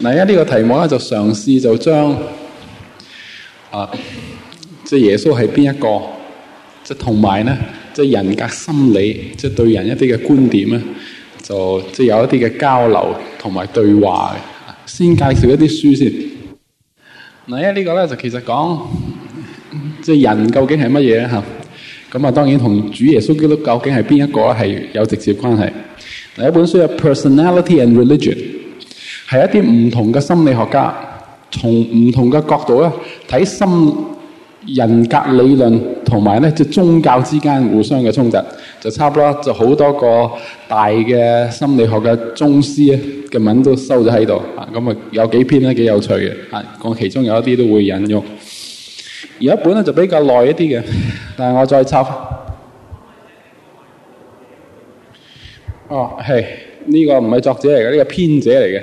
嗱，一呢個題目咧就嘗試就將啊即係耶穌係邊一個，即係同埋咧即係人格心理，即係對人一啲嘅觀點咧，就即係有一啲嘅交流同埋對話嘅。先介紹一啲書先。嗱，一呢個咧就其實講即係人究竟係乜嘢吓？咁啊，當然同主耶穌基督究竟係邊一個係有直接關係。嗱，一本書係《Personality and Religion》。係一啲唔同嘅心理學家，從唔同嘅角度咧睇心人格理論，同埋咧即係宗教之間互相嘅衝突，就差不多就好多個大嘅心理學嘅宗師嘅文都收咗喺度啊！咁啊有幾篇咧幾有趣嘅啊，講其中有一啲都會引用。而一本咧就比較耐一啲嘅，但係我再插返。哦、啊，係呢、這個唔係作者嚟嘅，呢、這個是編者嚟嘅。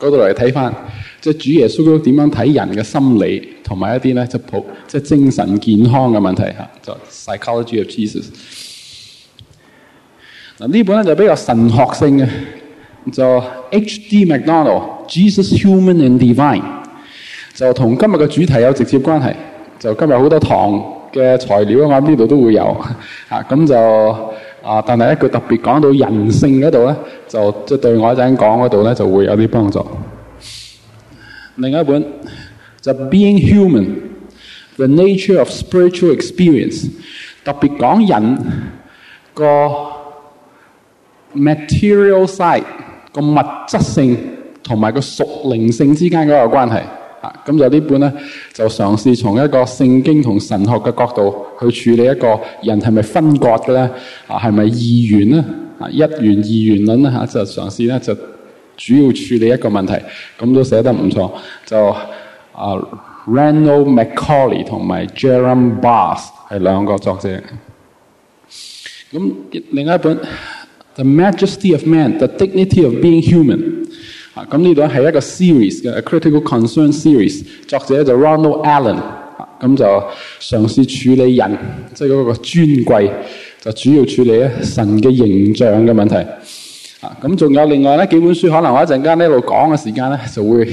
嗰度嚟睇翻，即係主耶穌都點樣睇人嘅心理，同埋一啲咧，即係普，即係精神健康嘅問題嚇，就 Psychology of Jesus。嗱呢本咧就比較神學性嘅，就 H.D. MacDonald Jesus Human and Divine，就同今日嘅主題有直接關係。就今日好多堂嘅材料，我諗呢度都會有咁就。啊！但係咧，佢特別講到人性嗰度咧，就即係對我一陣講嗰度咧，就會有啲幫助。另一本就《Being Human: The Nature of Spiritual Experience》，特別講人個 material side 個物質性同埋個屬靈性之間嗰個關係。啊，咁就呢本咧，就嘗試從一個聖經同神學嘅角度去處理一個人係咪分割嘅咧？啊，係咪二元咧？啊，一元二元論咧？嚇，就嘗試咧，就主要處理一個問題，咁都寫得唔錯。就啊 Ranald Macaulay 同埋 Jerram Barrs 係兩個作者。咁另一本《The Majesty of Man》、《The Dignity of Being Human》。咁呢度係一個 series 嘅《Critical Concern Series》，作者就 Ronald Allen，咁就嘗試處理人，即係嗰個尊貴，就主要處理咧神嘅形象嘅問題。啊，咁仲有另外咧幾本書，可能我一陣間一路講嘅時間咧，就會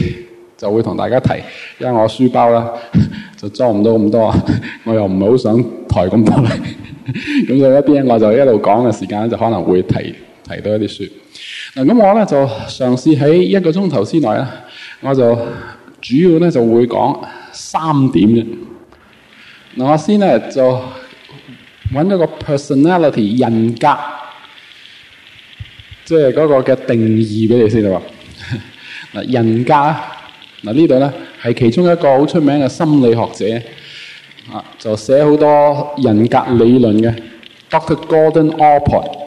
就會同大家提，因為我書包啦 就裝唔到咁多，我又唔係好想抬咁多嚟，咁就一邊我就一路講嘅時間就可能會提提多一啲書。咁我呢就嘗試喺一個鐘頭之內呢，我就主要呢就會講三點嘅。嗱，我先呢就揾咗個 personality 人格，即係嗰個嘅定義俾你先啦。是 人格，這裡呢度呢係其中一個好出名嘅心理學者，啊，就寫好多人格理論嘅 Dr. Gordon Allport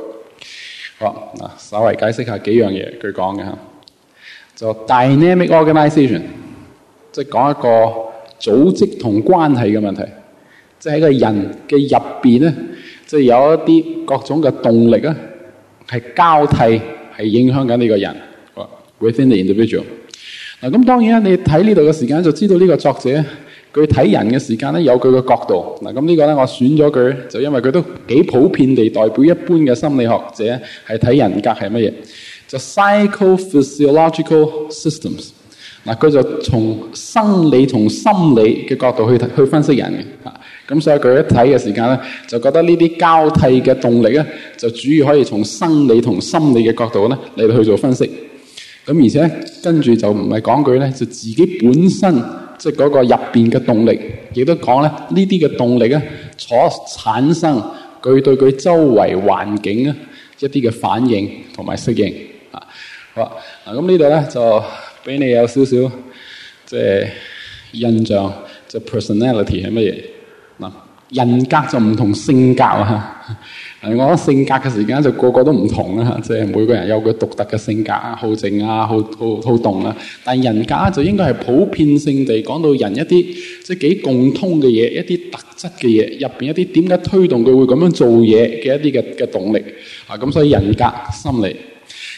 好嗱，稍微解釋下幾樣嘢佢講嘅嚇，就 dynamic organization 即係講一個組織同關係嘅問題，即係喺個人嘅入面，咧，即係有一啲各種嘅動力啊，係交替係影響緊呢個人。within the individual 嗱，咁當然啦，你睇呢度嘅時間就知道呢個作者。佢睇人嘅時間咧，有佢嘅角度。嗱，咁呢個咧，我選咗佢，就因為佢都幾普遍地代表一般嘅心理學者係睇人格係乜嘢。就 psychophysiological systems。嗱，佢就從生理，同心理嘅角度去去分析人嘅。嚇，咁所以佢一睇嘅時間咧，就覺得呢啲交替嘅動力咧，就主要可以從生理同心理嘅角度咧嚟到去做分析。咁而且跟住就唔係講佢咧，就自己本身。即係嗰個入面嘅動力，亦都講咧，呢啲嘅動力咧，所產生佢對佢周圍環境咧，一啲嘅反應同埋適應啊，好啊，咁呢度咧，就俾你有少少即係印象，即係 personality 係乜嘢？嗱，人格就唔同性格啊。呵呵係我覺得性格嘅時間就個個都唔同啦，即係每個人有佢獨特嘅性格、好靜啊、好好好動啊。但係人格就應該係普遍性地講到人一啲即係幾共通嘅嘢，一啲特質嘅嘢入面一啲點解推動佢會咁樣做嘢嘅一啲嘅嘅動力啊。咁所以人格心理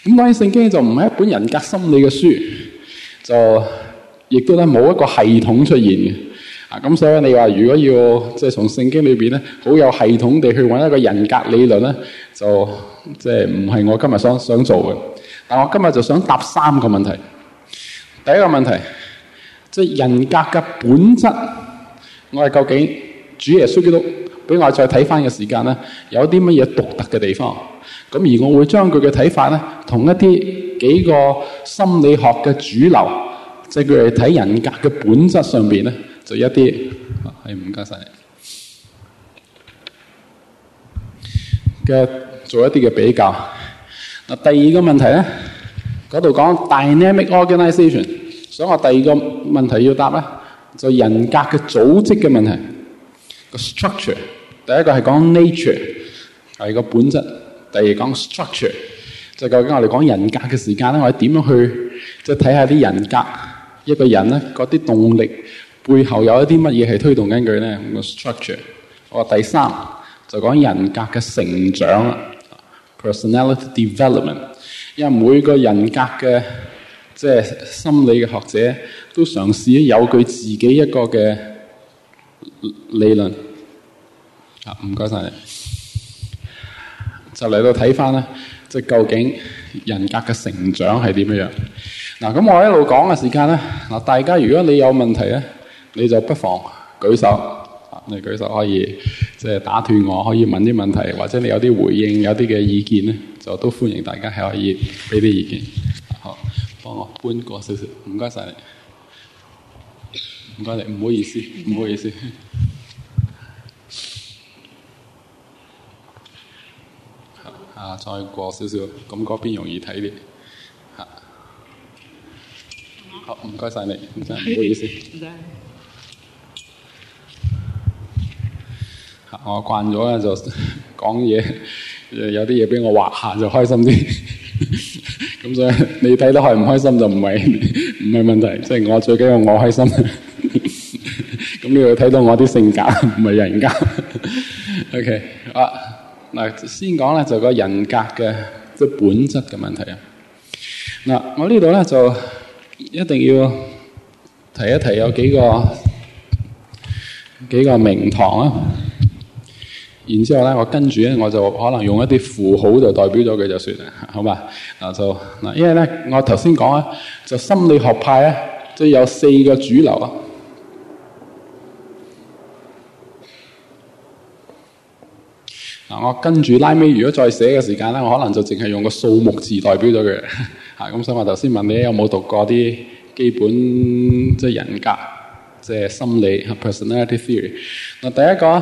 咁講起聖經就唔係一本人格心理嘅書，就亦都係冇一個系統出現嘅。啊，咁所以你話如果要即係從聖經裏邊咧，好有系統地去搵一個人格理論咧，就即係唔係我今日想想做嘅。但我今日就想答三個問題。第一個問題，即係人格嘅本質，我哋究竟主耶穌基督俾我再睇翻嘅時間咧，有啲乜嘢獨特嘅地方？咁而我會將佢嘅睇法咧，同一啲幾個心理學嘅主流，即係佢哋睇人格嘅本質上邊咧。就一謝謝做一啲係唔加晒嘅做一啲嘅比較。嗱，第二個問題咧，嗰度講 dynamic organization。所以我第二個問題要答咧，就人格嘅組織嘅問題。個 structure，第一個係講 nature 係個本質，第二講 structure，就究竟我哋講人格嘅時間咧，我哋點樣去即係睇下啲人格一個人咧嗰啲動力。背後有一啲乜嘢係推動緊佢呢？我，那個、structure。我話第三就講人格嘅成長啦，personality development。因為每個人格嘅即係心理嘅學者都嘗試有佢自己一個嘅理論。啊，唔該晒。就嚟到睇翻咧，即係究竟人格嘅成長係點樣？嗱，咁我一路講嘅時間咧，嗱，大家如果你有問題咧。你就不妨舉手，你舉手可以即係打斷我，可以問啲問題，或者你有啲回應、有啲嘅意見咧，就都歡迎大家係可以俾啲意見，好，幫我搬過少少，唔該晒你，唔該你，唔好意思，唔好意思，okay，唔好意思。啊，再過少少，咁嗰邊容易睇啲，好，唔該晒你，唔該， 唔好意思。 我慣咗咧，就講嘢，有啲嘢俾我畫下就開心啲。咁所以你睇得開唔開心就唔係唔係問題，即係我最緊要我開心。咁你又睇到我啲性格唔係人格。OK，嗱，先講咧就個人格嘅即係本質嘅問題啊。嗱，我呢度咧就一定要提一提有幾個幾個名堂啊。然之後咧，我跟住咧，我就可能用一啲符號就代表咗佢就算啦，好嘛？就嗱，因為咧，我頭先講咧，就心理學派啊，即係有四個主流啊。嗱，我跟住拉尾，如果再寫嘅時間咧，我可能就淨係用個數目字代表咗佢。嚇，咁所以我頭先問你有冇讀過啲基本即係人格即係心理 personality theory。嗱，第一個。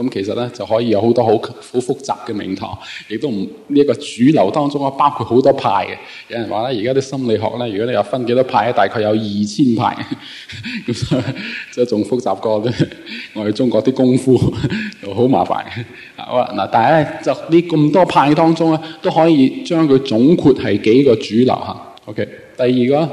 咁其實咧就可以有好多好好複雜嘅名堂，亦都唔呢一個主流當中啊，包括好多派嘅。有人話咧，而家啲心理學咧，如果你有分幾多派咧，大概有二千派。咁 所以即係仲複雜過咧我哋中國啲功夫，就好麻煩。好啦，嗱但係就呢咁多派當中咧，都可以將佢總括係幾個主流吓 OK，第二個。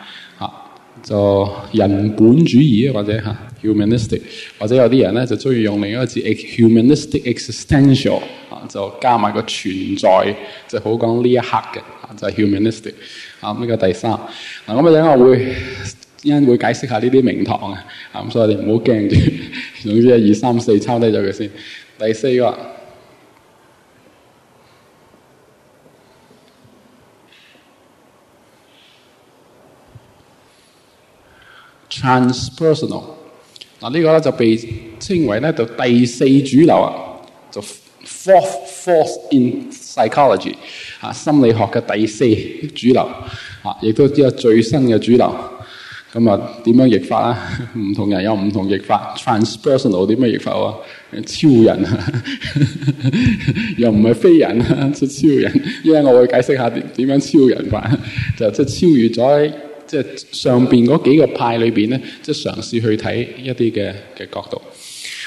就人本主義或者吓、啊、humanistic，或者有啲人咧就中意用另一個字、A、humanistic existential 啊，就加埋個存在，就好講呢一刻嘅、啊、就係、humanistic 啊，呢、呢個第三嗱，咁啊等一下我會一陣會解釋下呢啲名堂啊，咁所以你唔好驚住，總之一二三四抄低咗佢先。第四個。Transpersonal 嗱呢個咧就被稱為咧就第四主流啊，就 Fourth Force in Psychology 心理學嘅第四主流嚇，亦都係最新嘅主流。咁啊點樣譯法啊？唔同人有唔同譯法。Transpersonal 點樣譯法啊？超人啊，又唔係非人啊，即係超人。因為我會解釋下點樣超人法，就即係超越咗。即係上面嗰幾個派裏面咧，即係嘗試去睇一啲嘅嘅角度。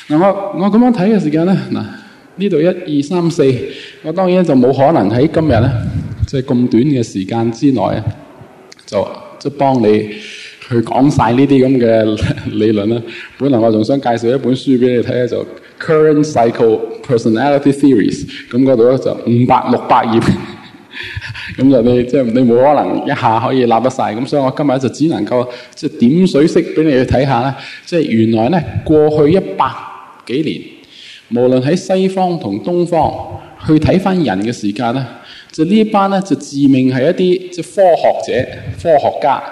嗱，我我咁樣睇嘅時間咧，嗱呢度一二三四，我當然就冇可能喺今日咧，即係咁短嘅時間之內啊，就即係幫你去講晒呢啲咁嘅理論啦。本來我仲想介紹一本書俾你睇咧，就 Current Cycle Personality Theories，咁嗰度咧就五百六百頁。咁就你即係你冇可能一下可以立得晒。咁所以我今日就只能夠即係點水式俾你去睇下啦。即係原來咧，過去一百幾年，無論喺西方同東方去睇翻人嘅時間咧，就呢一班咧就自命係一啲即係科學者、科學家，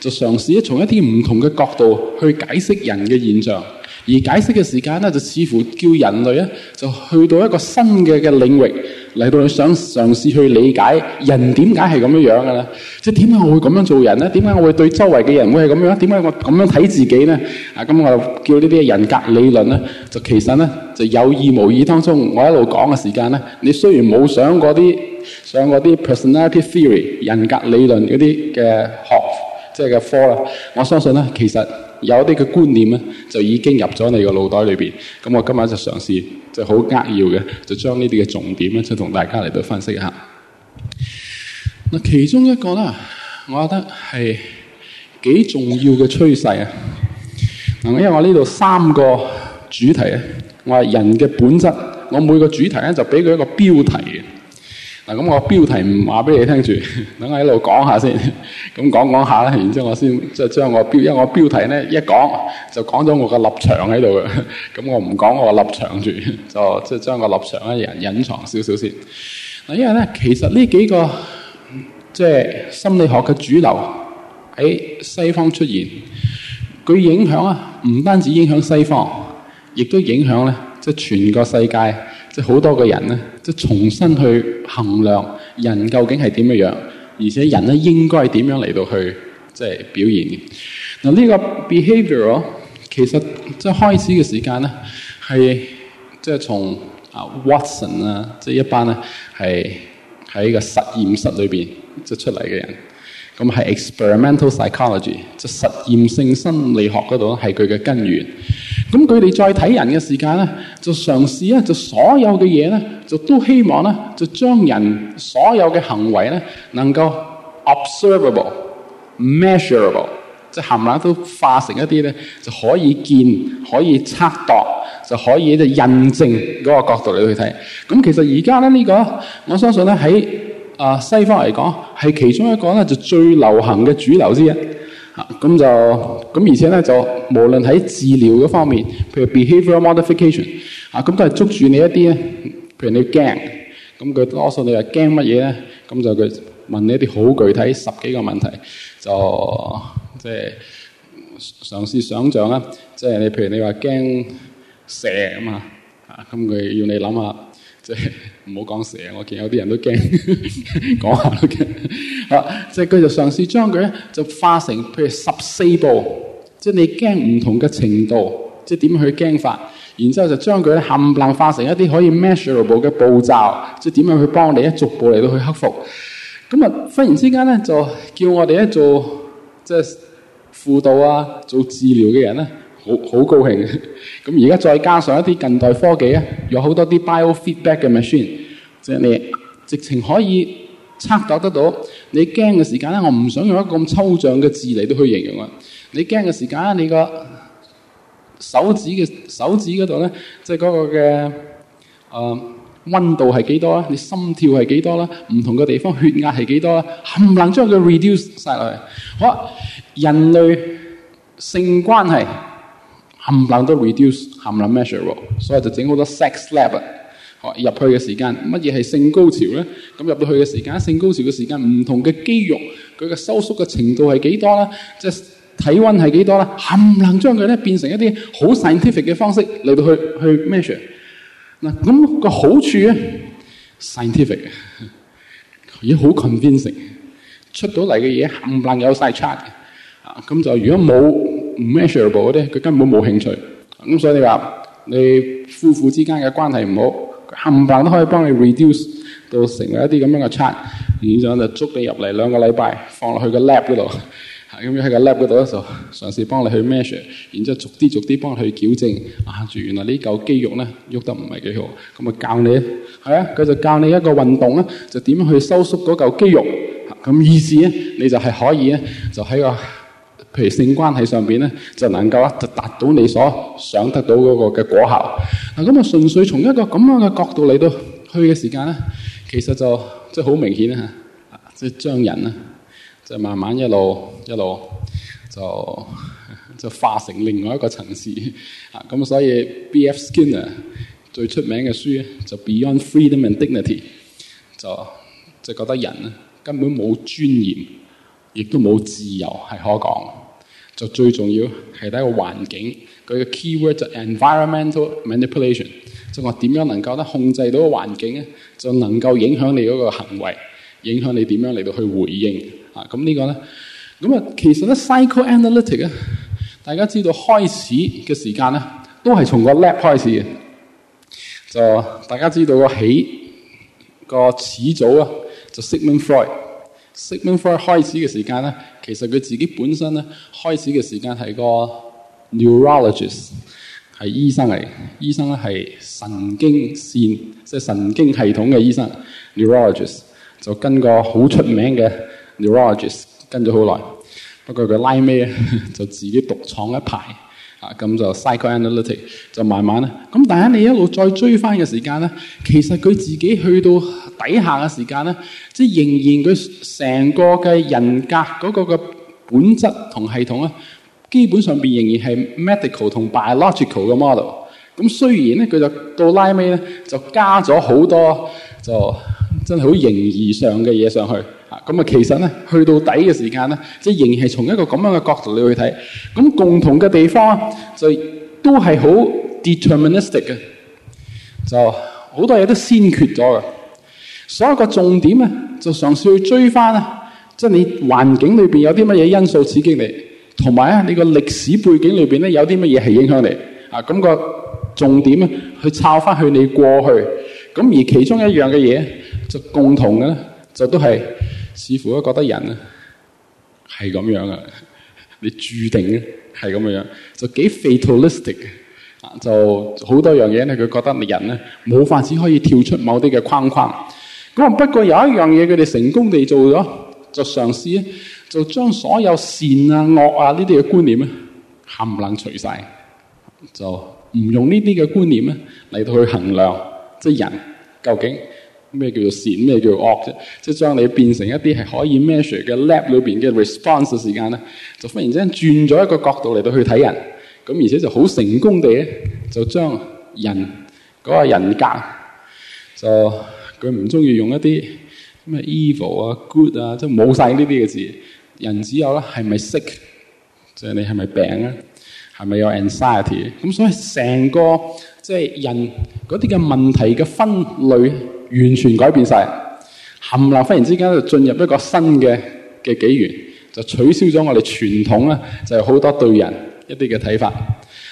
就嘗試從一啲唔同嘅角度去解釋人嘅現象。而解釋嘅時間呢，就似乎叫人類呢，就去到一個新嘅嘅領域，嚟到你想嘗試去理解人點解係咁樣樣呢？即係點解我會咁樣做人呢？點解我會對周圍嘅人會係咁樣？點解我咁樣睇自己呢？啊，咁、嗯、我就叫呢啲人格理論呢，就其實呢，就有意無意當中，我一路講嘅時間呢，你雖然冇上嗰啲上嗰啲 personality theory 人格理論嗰啲嘅學即係嘅課啦，我相信呢，其實。有啲嘅觀念咧，就已經入咗你個腦袋裏面。咁我今日就嘗試，就好扼要嘅，就將呢啲嘅重點咧，就同大家嚟到分析一下。嗱，其中一個啦，我覺得係幾重要嘅趨勢啊。嗱，因為我呢度三個主題咧，我係人嘅本質，我每個主題咧就俾佢一個標題。咁我標題唔話俾你聽住，等我喺度講下先，咁講講下啦。然之後我先即係將我標，因為我標題咧一講就講咗我個立場喺度嘅，咁我唔講我個立場住，就即係將個立場咧人隱藏少少先。嗱，因為咧，其實呢幾個即係、就是、心理學嘅主流喺西方出現，佢影響啊，唔單止影響西方，亦都影響咧，即係全個世界。即係好多個人咧，即係重新去衡量人究竟係點嘅樣，而且人咧應該係點樣嚟到去即係、就是、表現嘅，嗱，呢個 behavior 其實即係、就是、開始嘅時間咧，係即係從啊 Watson 啊，即係一班咧係喺個實驗室裏邊即係出嚟嘅人。咁係 experimental psychology，就實驗性心理學嗰度咧，係佢嘅根源。咁佢哋再睇人嘅時間咧，就嘗試咧，就所有嘅嘢咧，就都希望咧，就將人所有嘅行為咧，能夠 observable、measurable，即係冚唪唥都化成一啲咧，就可以見、可以測度、就可以就印證嗰個角度嚟去睇。咁其實而家咧呢、呢個，我相信咧喺。啊，西方嚟講係其中一個咧，就最流行嘅主流之一。啊，咁就咁，而且咧就無論喺治療嘅方面，譬如 behavior modification，啊，咁都係捉住你一啲咧。譬如你驚，咁佢多數你話驚乜嘢咧？咁就佢問你一啲好具體十幾個問題，就即係嘗試想像啦。即係你譬如你話驚蛇嘛？啊，咁佢要你諗下。唔好講蛇，我見有啲人都驚，講下都驚。啊，即係佢就嘗試將佢咧，就化成譬如十四步，即係你驚唔同嘅程度，即係點去驚法。然之後就將佢冚唪唥化成一啲可以 measurable 嘅步驟，即係點樣去幫我哋咧逐步嚟到去克服。咁啊，忽然之間咧就叫我哋咧做即係輔導啊，做治療嘅人咧。好好高興咁而家再加上一啲近代科技有好多啲 bio feedback 嘅 machine，即係你，直情可以測度得到你驚嘅時間咧。我唔想用一個咁抽象嘅字嚟到去形容啊。你驚嘅時間咧，你個手指嘅手指嗰、就是呃、度咧，即係嗰個嘅誒溫度係幾多啦？你心跳係幾多啦？唔同嘅地方血壓係幾多啦？冚唪唥將佢 reduce 晒落嚟。好，人類性關係。冚唪唥都 reduce，冚唪唥 measurable，所以就整好多 sex lab 啊，入去嘅時間乜嘢係性高潮咧？咁入到去嘅時間，性高潮嘅時間唔同嘅肌肉佢嘅收縮嘅程度係幾多啦？即係體溫係幾多啦？冚唪唥將佢咧變成一啲好 scientific 嘅方式嚟到去去 measure。嗱，咁個好處啊，scientific，嘅，而好 convincing 出到嚟嘅嘢冚唪唥有晒 chart 啊，咁就如果冇。唔 measurable 嗰啲，佢根本冇興趣。咁所以你話，你夫婦之間嘅關係唔好，冚唪唥都可以幫你 reduce 到成為一啲咁樣嘅 chart。然之後就捉你入嚟兩個禮拜，放落去個 lab 嗰度，咁樣喺個 lab 嗰度咧就嘗試幫你去 measure。然之後逐啲逐啲幫佢去矯正。啊，原來呢嚿肌肉咧，喐得唔係幾好。咁啊，教你係啊，佢就教你一個運動咧，就點樣去收縮嗰嚿肌肉。咁意思咧，你就係可以咧，就喺個。譬如性關係上面咧，就能夠啊就達到你所想得到嗰個嘅果效。嗱咁啊，純粹從一個咁樣嘅角度嚟到去嘅時間咧，其實就即係好明顯啊！即係將人啊，即係慢慢一路一路就就化成另外一個層次啊。咁所以 B.F. Skinner 最出名嘅書咧，就 Beyond Freedom and Dignity，就就覺得人啊根本冇尊嚴。亦都冇自由係可講，就最重要係睇個環境，佢嘅 key word 就 environmental manipulation，即係話點樣能夠得控制到個環境咧，就能夠影響你嗰個行為，影響你點樣嚟到去回應啊！咁呢個咧，咁啊其實咧 psychoanalytic 咧，大家知道開始嘅時間咧，都係從個 lab 開始嘅，就大家知道個起個始祖啊，就 Sigmund Freud。Sigmund Freud 開始嘅時間咧，其實佢自己本身咧，開始嘅時間係個 neurologist，係醫生嚟。醫生咧係神經線，即係神經系統嘅醫生。neurologist 就跟個好出名嘅 neurologist 跟咗好耐，不過佢拉尾就自己獨創一排。啊！咁就 psychoanalytic，o 就慢慢咧。咁但係你一路再追翻嘅時間咧，其實佢自己去到。底下嘅時間咧，即係仍然佢成個嘅人格嗰個嘅本質同系統咧，基本上面仍然係 medical 同 biological 嘅 model。咁雖然咧，佢就到拉尾咧就加咗好多，就真係好形而上嘅嘢上去啊。咁啊，其實咧去到底嘅時間咧，即係仍然係從一個咁樣嘅角度嚟去睇，咁共同嘅地方就都係好 deterministic 嘅，就好多嘢都先決咗嘅。所有個重點咧，就嘗試去追翻啊！即係你環境裏面有啲乜嘢因素刺激你，同埋啊，你個歷史背景裏面咧有啲乜嘢係影響你啊？咁個重點咧，去抄翻去你過去。咁而其中一樣嘅嘢，就共同嘅，就都係似乎都覺得人啊係咁樣啊，你注定係咁樣樣，就幾 fatalistic 嘅啊，就好多樣嘢咧。佢覺得人咧冇法子可以跳出某啲嘅框框。咁不過有一樣嘢，佢哋成功地做咗就嘗試，就將所有善啊、惡啊呢啲嘅觀念咧冚唪唥除晒，就唔用呢啲嘅觀念咧嚟到去衡量，即係人究竟咩叫做善、咩叫做惡啫？即係將你變成一啲係可以 measure 嘅 lab 裏面嘅 response 嘅時間咧，就忽然之間轉咗一個角度嚟到去睇人，咁而且就好成功地咧就將人嗰、嗰個人格就。佢唔中意用一啲咩 evil 啊、good 啊，即係冇晒呢啲嘅字。人只有咧，係咪 sick？即係你係咪病啊？係咪有 anxiety？咁所以成個即係、就是、人嗰啲嘅問題嘅分類完全改變晒。冚唪唥忽然之間就進入一個新嘅嘅紀元，就取消咗我哋傳統咧，就係、是、好多對人一啲嘅睇法。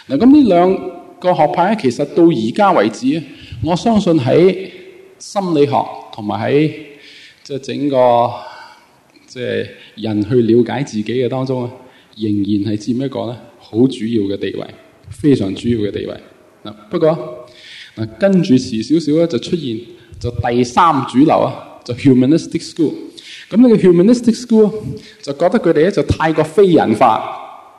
嗱，咁呢兩個學派咧，其實到而家為止啊，我相信喺。心理學同埋喺即係整個即係人去了解自己嘅當中啊，仍然係佔一個咧好主要嘅地位，非常主要嘅地位。嗱，不過嗱跟住遲少少咧就出現就第三主流啊，就 humanistic school。咁呢個 humanistic school 就覺得佢哋咧就太過非人化，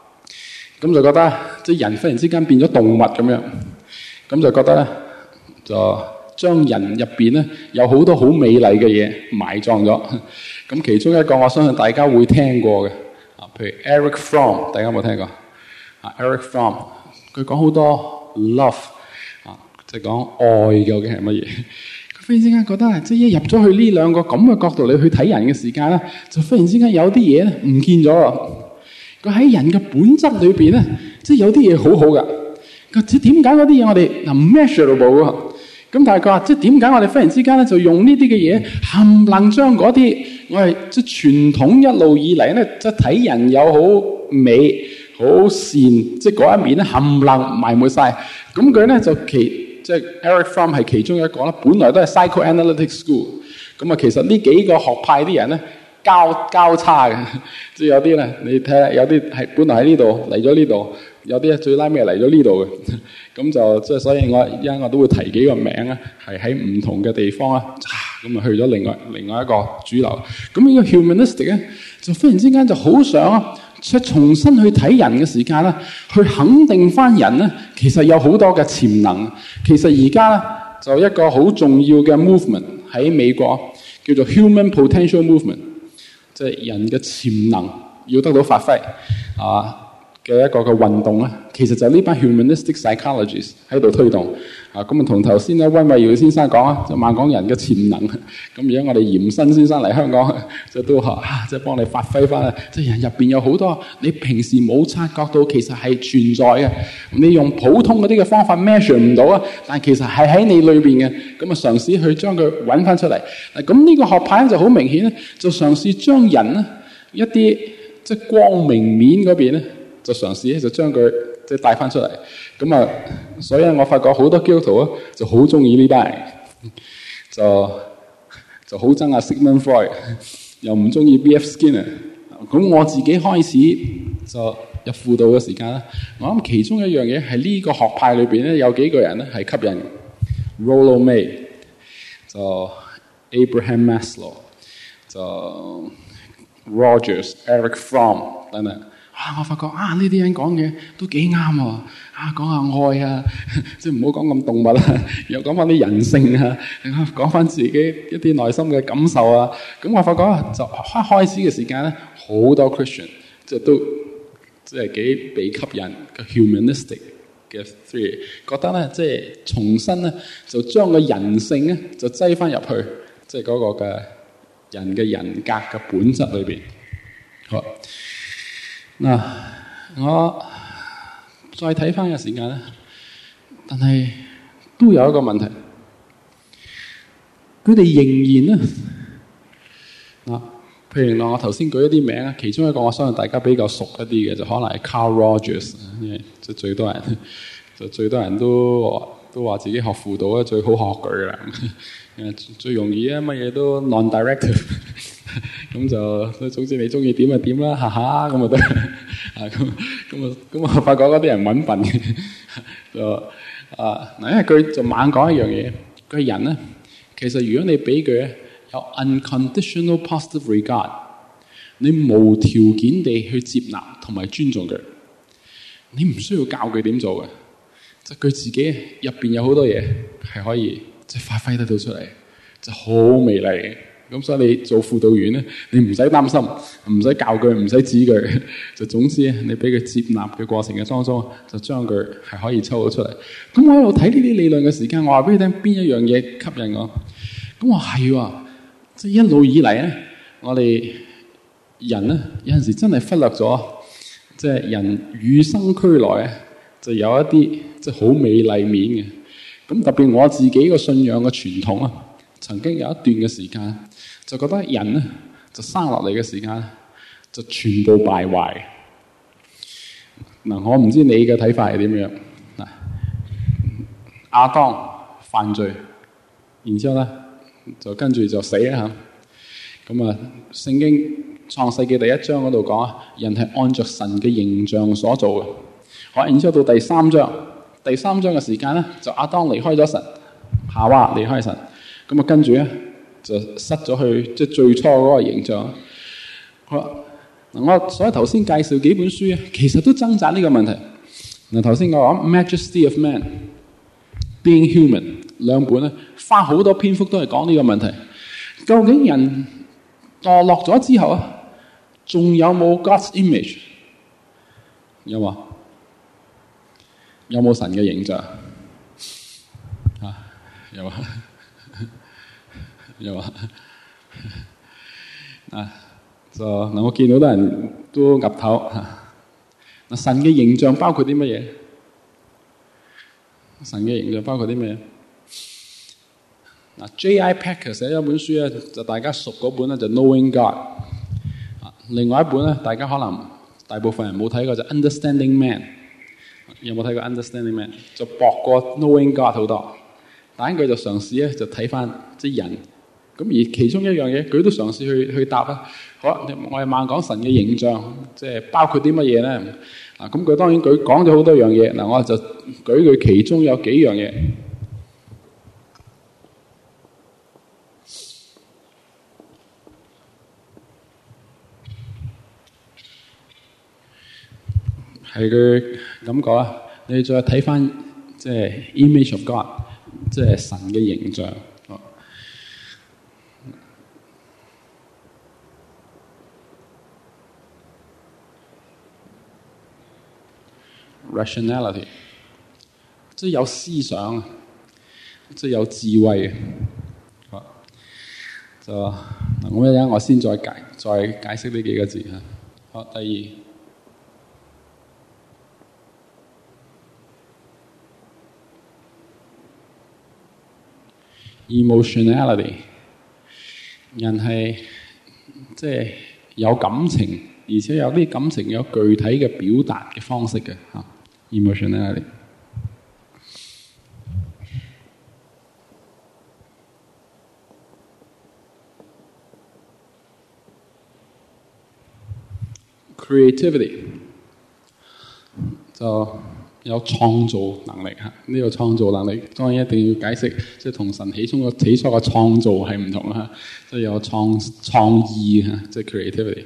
咁就覺得即係人忽然之間變咗動物咁樣，咁就覺得咧就，將人入面咧有好多好美麗嘅嘢埋葬咗。咁其中一個我相信大家會聽過嘅啊，譬如 Eric Fromm，大家有冇聽過啊？Eric Fromm 佢講好多 love 啊，即係講愛究竟係乜嘢？佢忽然之間覺得即係一入咗去呢兩個咁嘅角度你去睇人嘅時間咧，就忽然之間有啲嘢咧唔見咗。佢喺人嘅本質裏面咧，即係有啲嘢好好噶。佢點解嗰啲嘢我哋 immeasurable 啊？咁但係佢話，即係點解我哋忽然之間呢，就用呢啲嘅嘢，冚唪唥將嗰啲我係即係傳統一路以嚟呢，即睇人又好美好善，即嗰一面咧冚唪唥埋沒晒。咁佢呢，就其即係、就是、Erich Fromm 係其中一個啦。本來都係 psychoanalytic school。咁啊，其實呢幾個學派啲人呢，交交叉㗎。即 有啲咧，你睇有啲本來喺呢度嚟咗呢度。有啲啊，最拉尾嚟咗呢度嘅，咁就即係所以我，我而家我都會提幾個名啊，係喺唔同嘅地方啊，咁啊去咗另外另外一個主流。咁呢個 humanistic 咧，就忽然之間就好想啊，即係重新去睇人嘅時間啦、啊，去肯定翻人咧，其實有好多嘅潛能。其實而家咧就一個好重要嘅 movement 喺美國，叫做 human potential movement，即係人嘅潛能要得到發揮啊！嘅一個嘅運動咧，其實就呢班 Humanistic Psychologists 喺度推動啊。咁啊，同頭先咧，溫慧耀先生講啊，就是、萬港啊香港人嘅潛能。咁而家我哋嚴新先生嚟香港就都嚇，即係幫你發揮翻啊！即、就、係、是、人入邊有好多你平時冇察覺到，其實係存在嘅。你用普通嗰啲嘅方法 measure 唔到啊，但其實係喺你裏邊嘅。咁啊，嘗試去將佢揾翻出嚟。咁呢個學派就好明顯，就嘗試將人咧一啲即係光明面嗰邊咧。就嘗試就將佢即係帶翻出嚟，咁啊，所以我發覺好多基督徒啊就好中意呢班人，就就好憎阿 Sigmund Freud，又唔中意 B.F. Skinner。咁我自己開始就入輔導嘅時間啦，我諗其中一樣嘢係呢個學派裏面咧，有幾個人咧係吸引 Rollo May，就 Abraham Maslow，就 Rogers、Eric Fromm 等等。哇、啊！我發覺啊，呢啲人講嘢都幾啱啊，講、啊、下愛啊，即係唔好講咁動物啊，又講翻啲人性啊，講翻自己一啲內心嘅感受啊。咁我發覺就開開始嘅時間咧，好多 Christian 即係都即係幾被吸引，humanistic 嘅 three，覺得咧即係重新咧就將個人性咧就擠翻入去，即係嗰個嘅人嘅人格嘅本質裏面，好。嗱，我再睇翻嘅時間咧，但係都有一個問題，佢哋仍然咧，嗱，譬如我頭先舉一啲名啊，其中一個我相信大家比較熟一啲嘅，就可能係 Carl Rogers，即最多人，就最多人都都話自己學輔導咧最好學佢啦，最容易啊，乜嘢都 non-directive。咁 就總之你中意點就點啦，哈哈，咁就得，咁咁啊咁啊，發覺嗰啲人搵笨嘅，就啊嗱，因為佢就猛講一樣嘢，佢係人咧，其實如果你俾佢有 unconditional positive regard，你無條件地去接納同埋尊重佢，你唔需要教佢點做嘅，就佢、是、自己入邊有好多嘢係可以即係、就是、發揮得到出嚟，就好美麗。咁所以你做輔導員咧，你唔使擔心，唔使教佢，唔使指佢，就總之你俾佢接納嘅過程嘅當中，就將佢係可以抽咗出嚟。咁我喺度睇呢啲理論嘅時間，我話俾你聽，邊一樣嘢吸引我？咁我係喎，即係一路以嚟咧，我哋人咧有陣時真係忽略咗，即係人與生俱來啊，就有一啲即係好美麗面嘅。咁特別我自己個信仰嘅傳統啊，曾經有一段嘅時間。就覺得人咧就生落嚟嘅時間咧就全部敗壞。嗱、啊，我唔知你嘅睇法係點樣。阿、啊、當犯罪，然之後咧就跟住就死啦。咁啊，聖經創世記第一章嗰度講啊，人係按着神嘅形象所做嘅。好，然之後到第三章，第三章嘅時間咧就阿當離開咗神，夏娃離開神，咁啊跟住咧。就失咗去，即係最初嗰個形象。我嗱，我所以頭先介紹幾本書啊，其實都掙扎呢個問題。嗱，頭先我講《Majesty of Man》、《Being Human》兩本咧，花好多篇幅都係講呢個問題。究竟人墮落咗之後啊，仲有冇 God's image？有冇？有冇神嘅形象？啊，有啊。有啊，啊 就嗱，我見到好多人都岌頭嚇。嗱、啊，神嘅形象包括啲乜嘢？神嘅形象包括啲咩？嗱，J. I. Packer 寫咗本書咧，就大家熟嗰本咧，就是、Knowing God、啊。另外一本咧，大家可能大部分人冇睇過，就是、Understanding Man。有冇睇過 Understanding Man？就薄過 Knowing God 好多，但佢就嘗試咧，就睇翻啲人。咁而其中一樣嘢，佢都嘗試去去答啊。好啊，我係慢講神嘅形象，即係包括啲乜嘢咧？啊，咁佢當然佢講咗好多樣嘢。嗱，我就舉佢其中有幾樣嘢，係佢咁講啊。你再睇翻即係 image of God，即係神嘅形象。Rationality 即係有思想，即係有智慧嘅，好，就嗱咁樣，我先再解再解釋呢幾個字，好，第二 emotionality，人係即係有感情，而且有啲感情有具體嘅表達嘅方式嘅吓。Emotionality creativity，就有創造能力嚇，呢、這個創造能力當然一定要解釋，即係同神起初嘅創造係唔同啊，即、嗯、係有創創意嚇，即、就、係、是、creativity。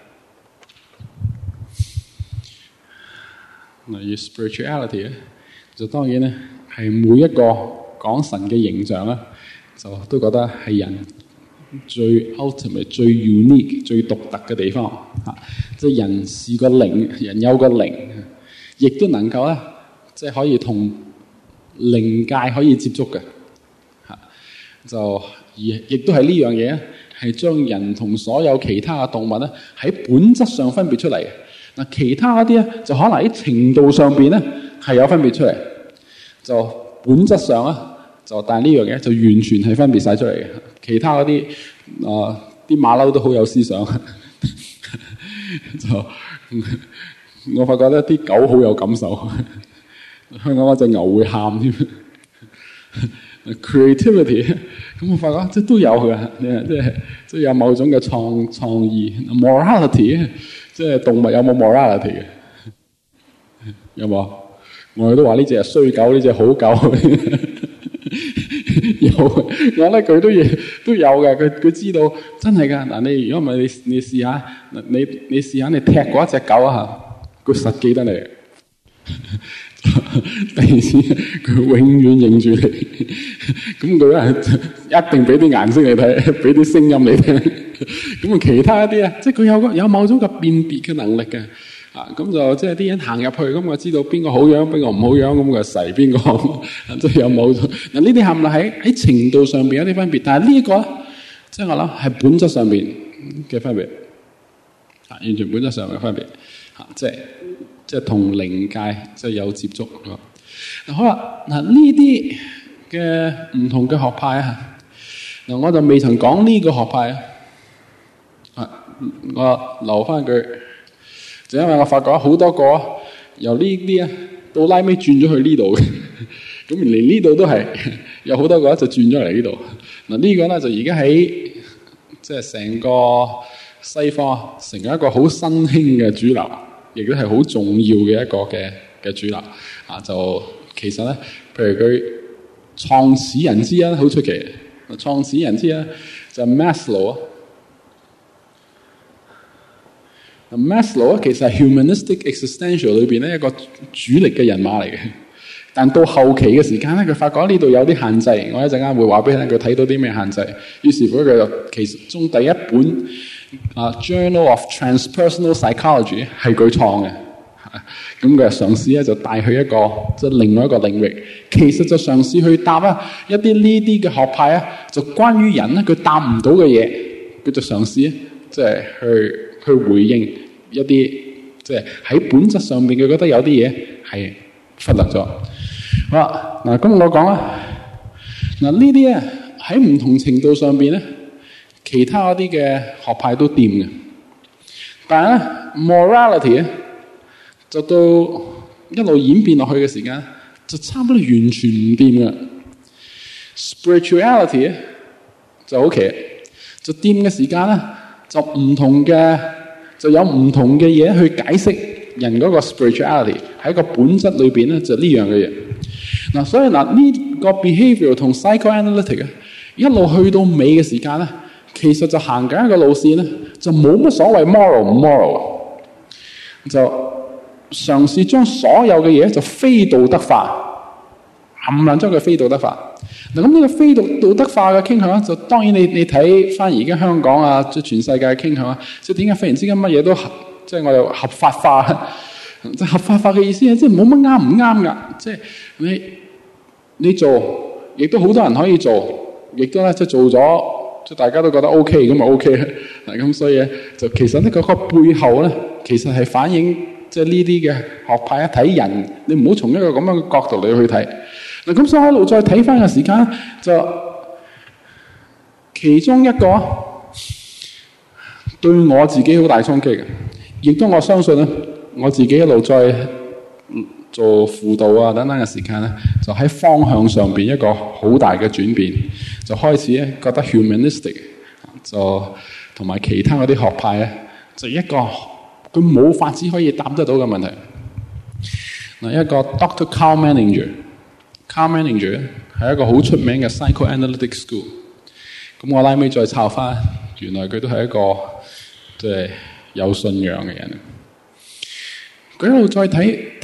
spirituality 咧，就當然咧，係每一個講神嘅形象咧，就都覺得係人最 ultimate、最 unique、最獨特嘅地方吓，即係人是個靈，人有個靈，亦都能夠咧，即係可以同靈界可以接觸嘅吓、啊，就而亦都係呢樣嘢咧，係將人同所有其他嘅動物咧喺本質上分別出嚟。嗱，其他嗰啲咧就可能喺程度上面咧係有分別出嚟，就本質上啊，就但係呢樣嘢就完全係分別晒出嚟嘅。其他嗰啲啊，啲馬騮都好有思想， 就我發覺咧啲狗好有感受， 香港嗰隻牛會喊添。 creativity，咁我發覺即係都有嘅，即係即係有某種嘅創創意。morality，即係動物有冇 morality 嘅？有冇？我哋都話呢隻衰狗，呢隻好狗， 有我咧佢都嘢都有嘅，佢佢知道真係噶。嗱，你如果唔係你你試下，你你試下你踢嗰一隻狗啊，佢實記得你。 第二次佢永遠認住你，咁佢一定俾啲顏色你睇，俾啲聲音你聽，咁啊其他一啲啊，即係佢有個有某種嘅辨別嘅能力嘅，啊咁就即係啲人行入去，咁就知道邊個好樣，邊個唔好樣，咁就洗邊個即係有冇？呢啲係咪喺喺程度上邊有啲分別？但係、這、呢個即係、就是、我諗係本質上邊嘅分別，啊完全本質上嘅分別，即係。即係同靈界即係有接觸啊！嗱，好啦，嗱呢啲嘅唔同嘅學派啊，嗱我就未曾講呢個學派啊，啊，我留翻佢，就因為我發覺好多個由呢啲啊到拉尾轉咗去呢度嘅，咁連呢度都係有好多個就轉咗嚟呢度。嗱呢個咧就而家喺即係成個西方成一個好新興嘅主流。亦都係好重要嘅一個嘅嘅主力啊！就其實咧，譬如佢創始人之一好出奇，創始人之一就係 Maslow，Maslow 其實係 humanistic existential 裏面咧一個主力嘅人馬嚟嘅。但到後期嘅時間咧，佢發覺呢度有啲限制。我一陣間會話俾你聽，佢睇到啲咩限制。於是乎佢就其中第一本。啊，《Journal of Transpersonal Psychology》係佢創嘅，咁佢嘗試咧就帶去一個即係、就是、另外一個領域，其實就嘗試去答啊一啲呢啲嘅學派啊，就關於人咧佢答唔到嘅嘢，佢就嘗試即係去去回應一啲即係喺本質上邊佢覺得有啲嘢係忽略咗。好啦，嗱咁我講啦，嗱呢啲啊喺唔同程度上邊咧。其他嗰啲嘅學派都掂嘅，但係咧 morality 咧就到一路演變落去嘅時間，就差唔多完全唔掂嘅。spirituality 咧就 OK，就掂嘅時間咧就唔同嘅，就有唔同嘅嘢去解釋人嗰個 spirituality 喺個本質裏邊咧就呢樣嘅嘢。嗱，所以嗱呢個 behavior 同 psychoanalytic 啊一路去到尾嘅時間咧。其實就行緊一個路線咧，就冇乜所謂 moral 唔 moral，就嘗試將所有嘅嘢就非道德化，冚唪唥將佢非道德化嗱。咁呢個非道道德化嘅傾向咧，就當然你你睇翻而家香港啊，即係全世界嘅傾向啊，即係點解忽然之間乜嘢都合即係我哋合法化？合法化嘅意思啊，即係冇乜啱唔啱噶，即係你你做，亦都好多人可以做，亦都咧即係做咗。大家都覺得 OK，咁咪 OK 啦。嗱，咁所以咧，就其實呢嗰、嗰個背後咧，其實係反映即係呢啲嘅學派一睇人，你唔好從一個咁樣嘅角度嚟去睇。嗱，咁所以一路再睇翻嘅時間咧，就其中一個對我自己好大衝擊嘅，亦都我相信咧，我自己一路再。做輔導啊等等嘅時間咧，就喺方向上面一個好大嘅轉變，就開始咧覺得 humanistic，就同埋其他嗰啲學派咧，就一個佢冇法子可以答得到嘅問題。嗱，一個 Doctor Carl Manager，Carl Manager 咧係一個好出名嘅 psychoanalytic school，咁我拉尾再抄翻，原來佢都係一個即係、就是、有信仰嘅人。佢一路再睇。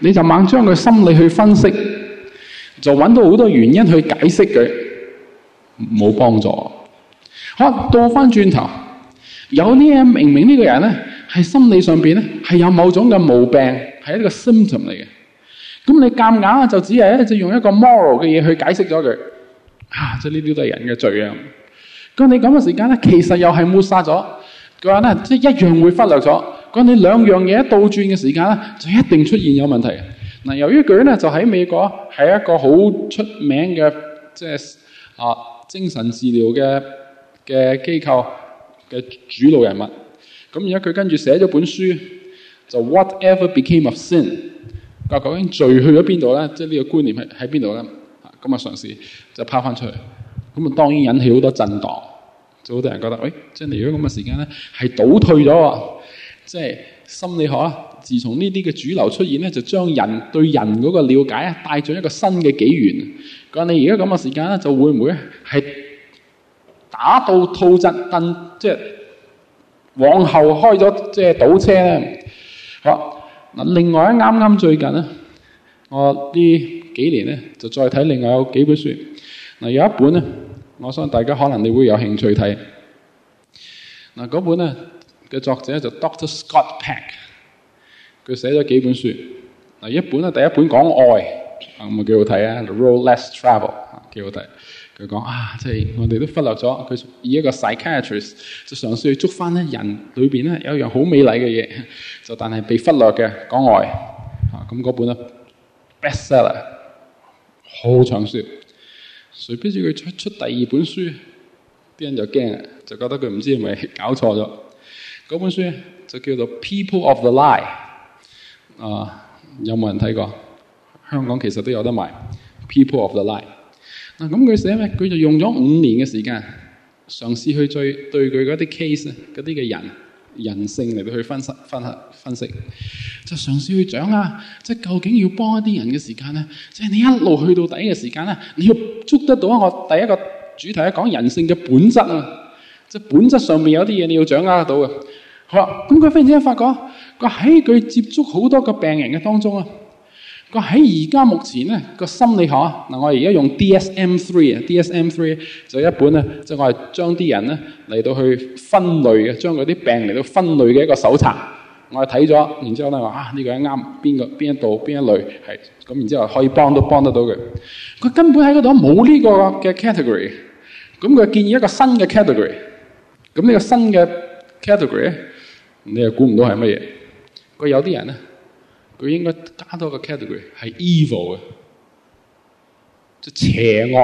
你就猛將佢心理去分析，就揾到好多原因去解釋佢，冇幫助。好，倒翻轉頭，有啲嘢明明呢個人咧，係心理上邊咧，係有某種嘅毛病，係一個 symptom 嚟嘅。咁你夾硬，就只係咧，就用一個 moral 嘅嘢去解釋咗佢。啊，即係呢啲都係人嘅罪啊。咁你咁嘅時間咧，其實又係抹殺咗。佢話咧，即係一樣會忽略咗。咁你兩樣嘢一倒轉嘅時間咧，就一定出現有問題。嗱，由於佢咧就喺美國係一個好出名嘅，即係啊精神治療嘅嘅機構嘅主導人物。咁而家佢跟住寫咗本書，就 Whatever Became of Sin？究竟罪去咗邊度咧？即係呢個觀念係喺邊度咧？咁啊，嘗試就拋翻出去。咁啊，當然引起好多震盪，就好多人覺得，喂、哎，即係如果咁嘅時間咧，係倒退咗。啊。」即係心理學啊！自從呢啲嘅主流出現咧，就將人對人嗰個瞭解啊，帶進一個新嘅紀元。咁你而家咁嘅時間咧，就會唔會係打到套質凳？即係往後開咗，即係倒車咧。好，嗱，另外一啱啱最近咧，我呢幾年咧就再睇另外有幾本書。嗱，有一本咧，我相信大家可能你會有興趣睇。嗱，嗰本咧。嘅作者就 Dr. Scott Peck，佢寫咗幾本書，嗱一本啊第一本講愛，啊咪幾好睇啊《The Road Less Travel》他說，啊幾好睇，佢講啊即係我哋都忽略咗，佢以一個 psychiatrist 就嘗試去捉翻咧人裏邊咧有一樣好美麗嘅嘢，就但係被忽略嘅講愛，啊咁嗰本啊 bestseller，好長書，誰不知佢出出第二本書，啲人就驚，就覺得佢唔知係咪搞錯咗。嗰本書就叫做《People of the Lie》啊！有冇人睇過？香港其實都有得賣《People of the Lie》。嗱咁佢寫咩？佢就用咗五年嘅時間，嘗試去追對佢嗰啲 case、嗰啲嘅人人性嚟到去分析、分析、分析。就嘗試去掌握，即係究竟要幫一啲人嘅時間咧，即係你一路去到底嘅時間咧，你要捉得到我第一個主題咧，講人性嘅本質啊！即係本質上面有啲嘢你要掌握得到啊。好啦，咁佢忽然之間發覺，佢喺佢接觸好多個病人嘅當中啊，佢喺而家目前咧個心理學，嗱我而家用 DSM 3啊，DSM 3就一本咧，即、係、我係將啲人咧嚟到去分類嘅，將嗰啲病嚟到分類嘅一個手冊，我係睇咗，然之後咧話啊呢、呢個係啱邊個邊一度邊一類咁，然之後可以幫都幫得到佢，佢根本喺嗰度冇呢個嘅 category，咁佢建議一個新嘅 category，咁呢個新嘅 category 咧？你又估唔到係乜嘢？佢有啲人呢，佢應該加多個 category 係 evil 嘅，即、就是、邪惡。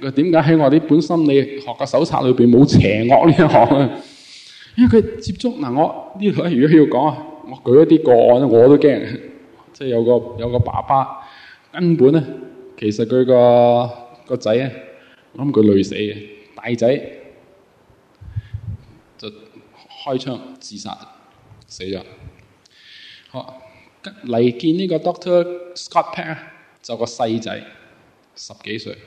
佢點解喺我啲本心理學嘅手冊裏邊冇邪惡呢一項啊？因為佢接觸。嗱，我呢度如果要講，我舉一啲個案我都驚。即、就是、有個有個爸爸，根本呢，其實佢個個仔咧，我諗佢累死嘅大仔就。開槍自殺，死咗。好嚟見呢個 Doctor Scott Peck 啊，就個細仔，十幾歲，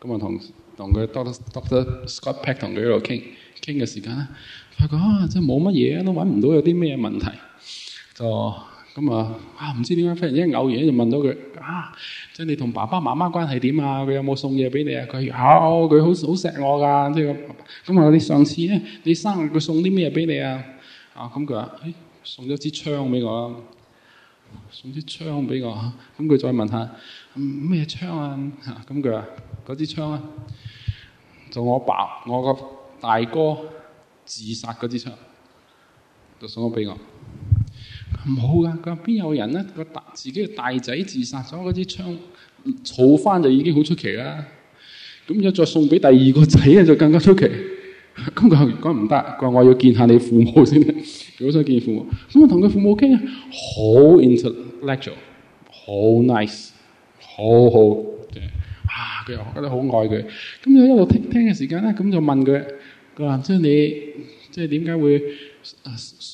咁啊同同佢 Doctor Doctor Scott Peck 同佢喺度傾傾嘅時間啦。發覺啊，真係冇乜嘢，都揾唔到有啲咩問題，就。咁啊，啊 唔 CDs 知點解忽然之間偶然咧就問咗佢，啊，即係你同、啊、爸爸媽媽關係點啊？佢有冇送嘢畀你啊？佢好，佢好好錫我噶，即係咁。咁啊，你上次咧，你生日佢送啲咩畀你啊、嗯哎啊，嗯啊，嗯、啊？啊，咁佢話，誒，送咗支槍畀我，送支槍畀我。咁佢再問下咩槍啊？嚇，咁佢話嗰支槍啊，就我爸，爸我個大哥自殺嗰支槍，就送咗畀我。唔好噶，佢話邊有人咧？個自己嘅大仔自殺咗，嗰支槍儲返就已經好出奇啦。咁又再送俾第二個仔咧，就更加出奇。咁佢後講唔得，佢話我要見下你父母先，佢好想見父母。咁我同佢父母傾、nice，啊，好 intellectual，好 nice，好好哇！佢又覺得好愛佢。咁就一路聽聽嘅時間咧，咁就問佢：佢話即係你即係點解會？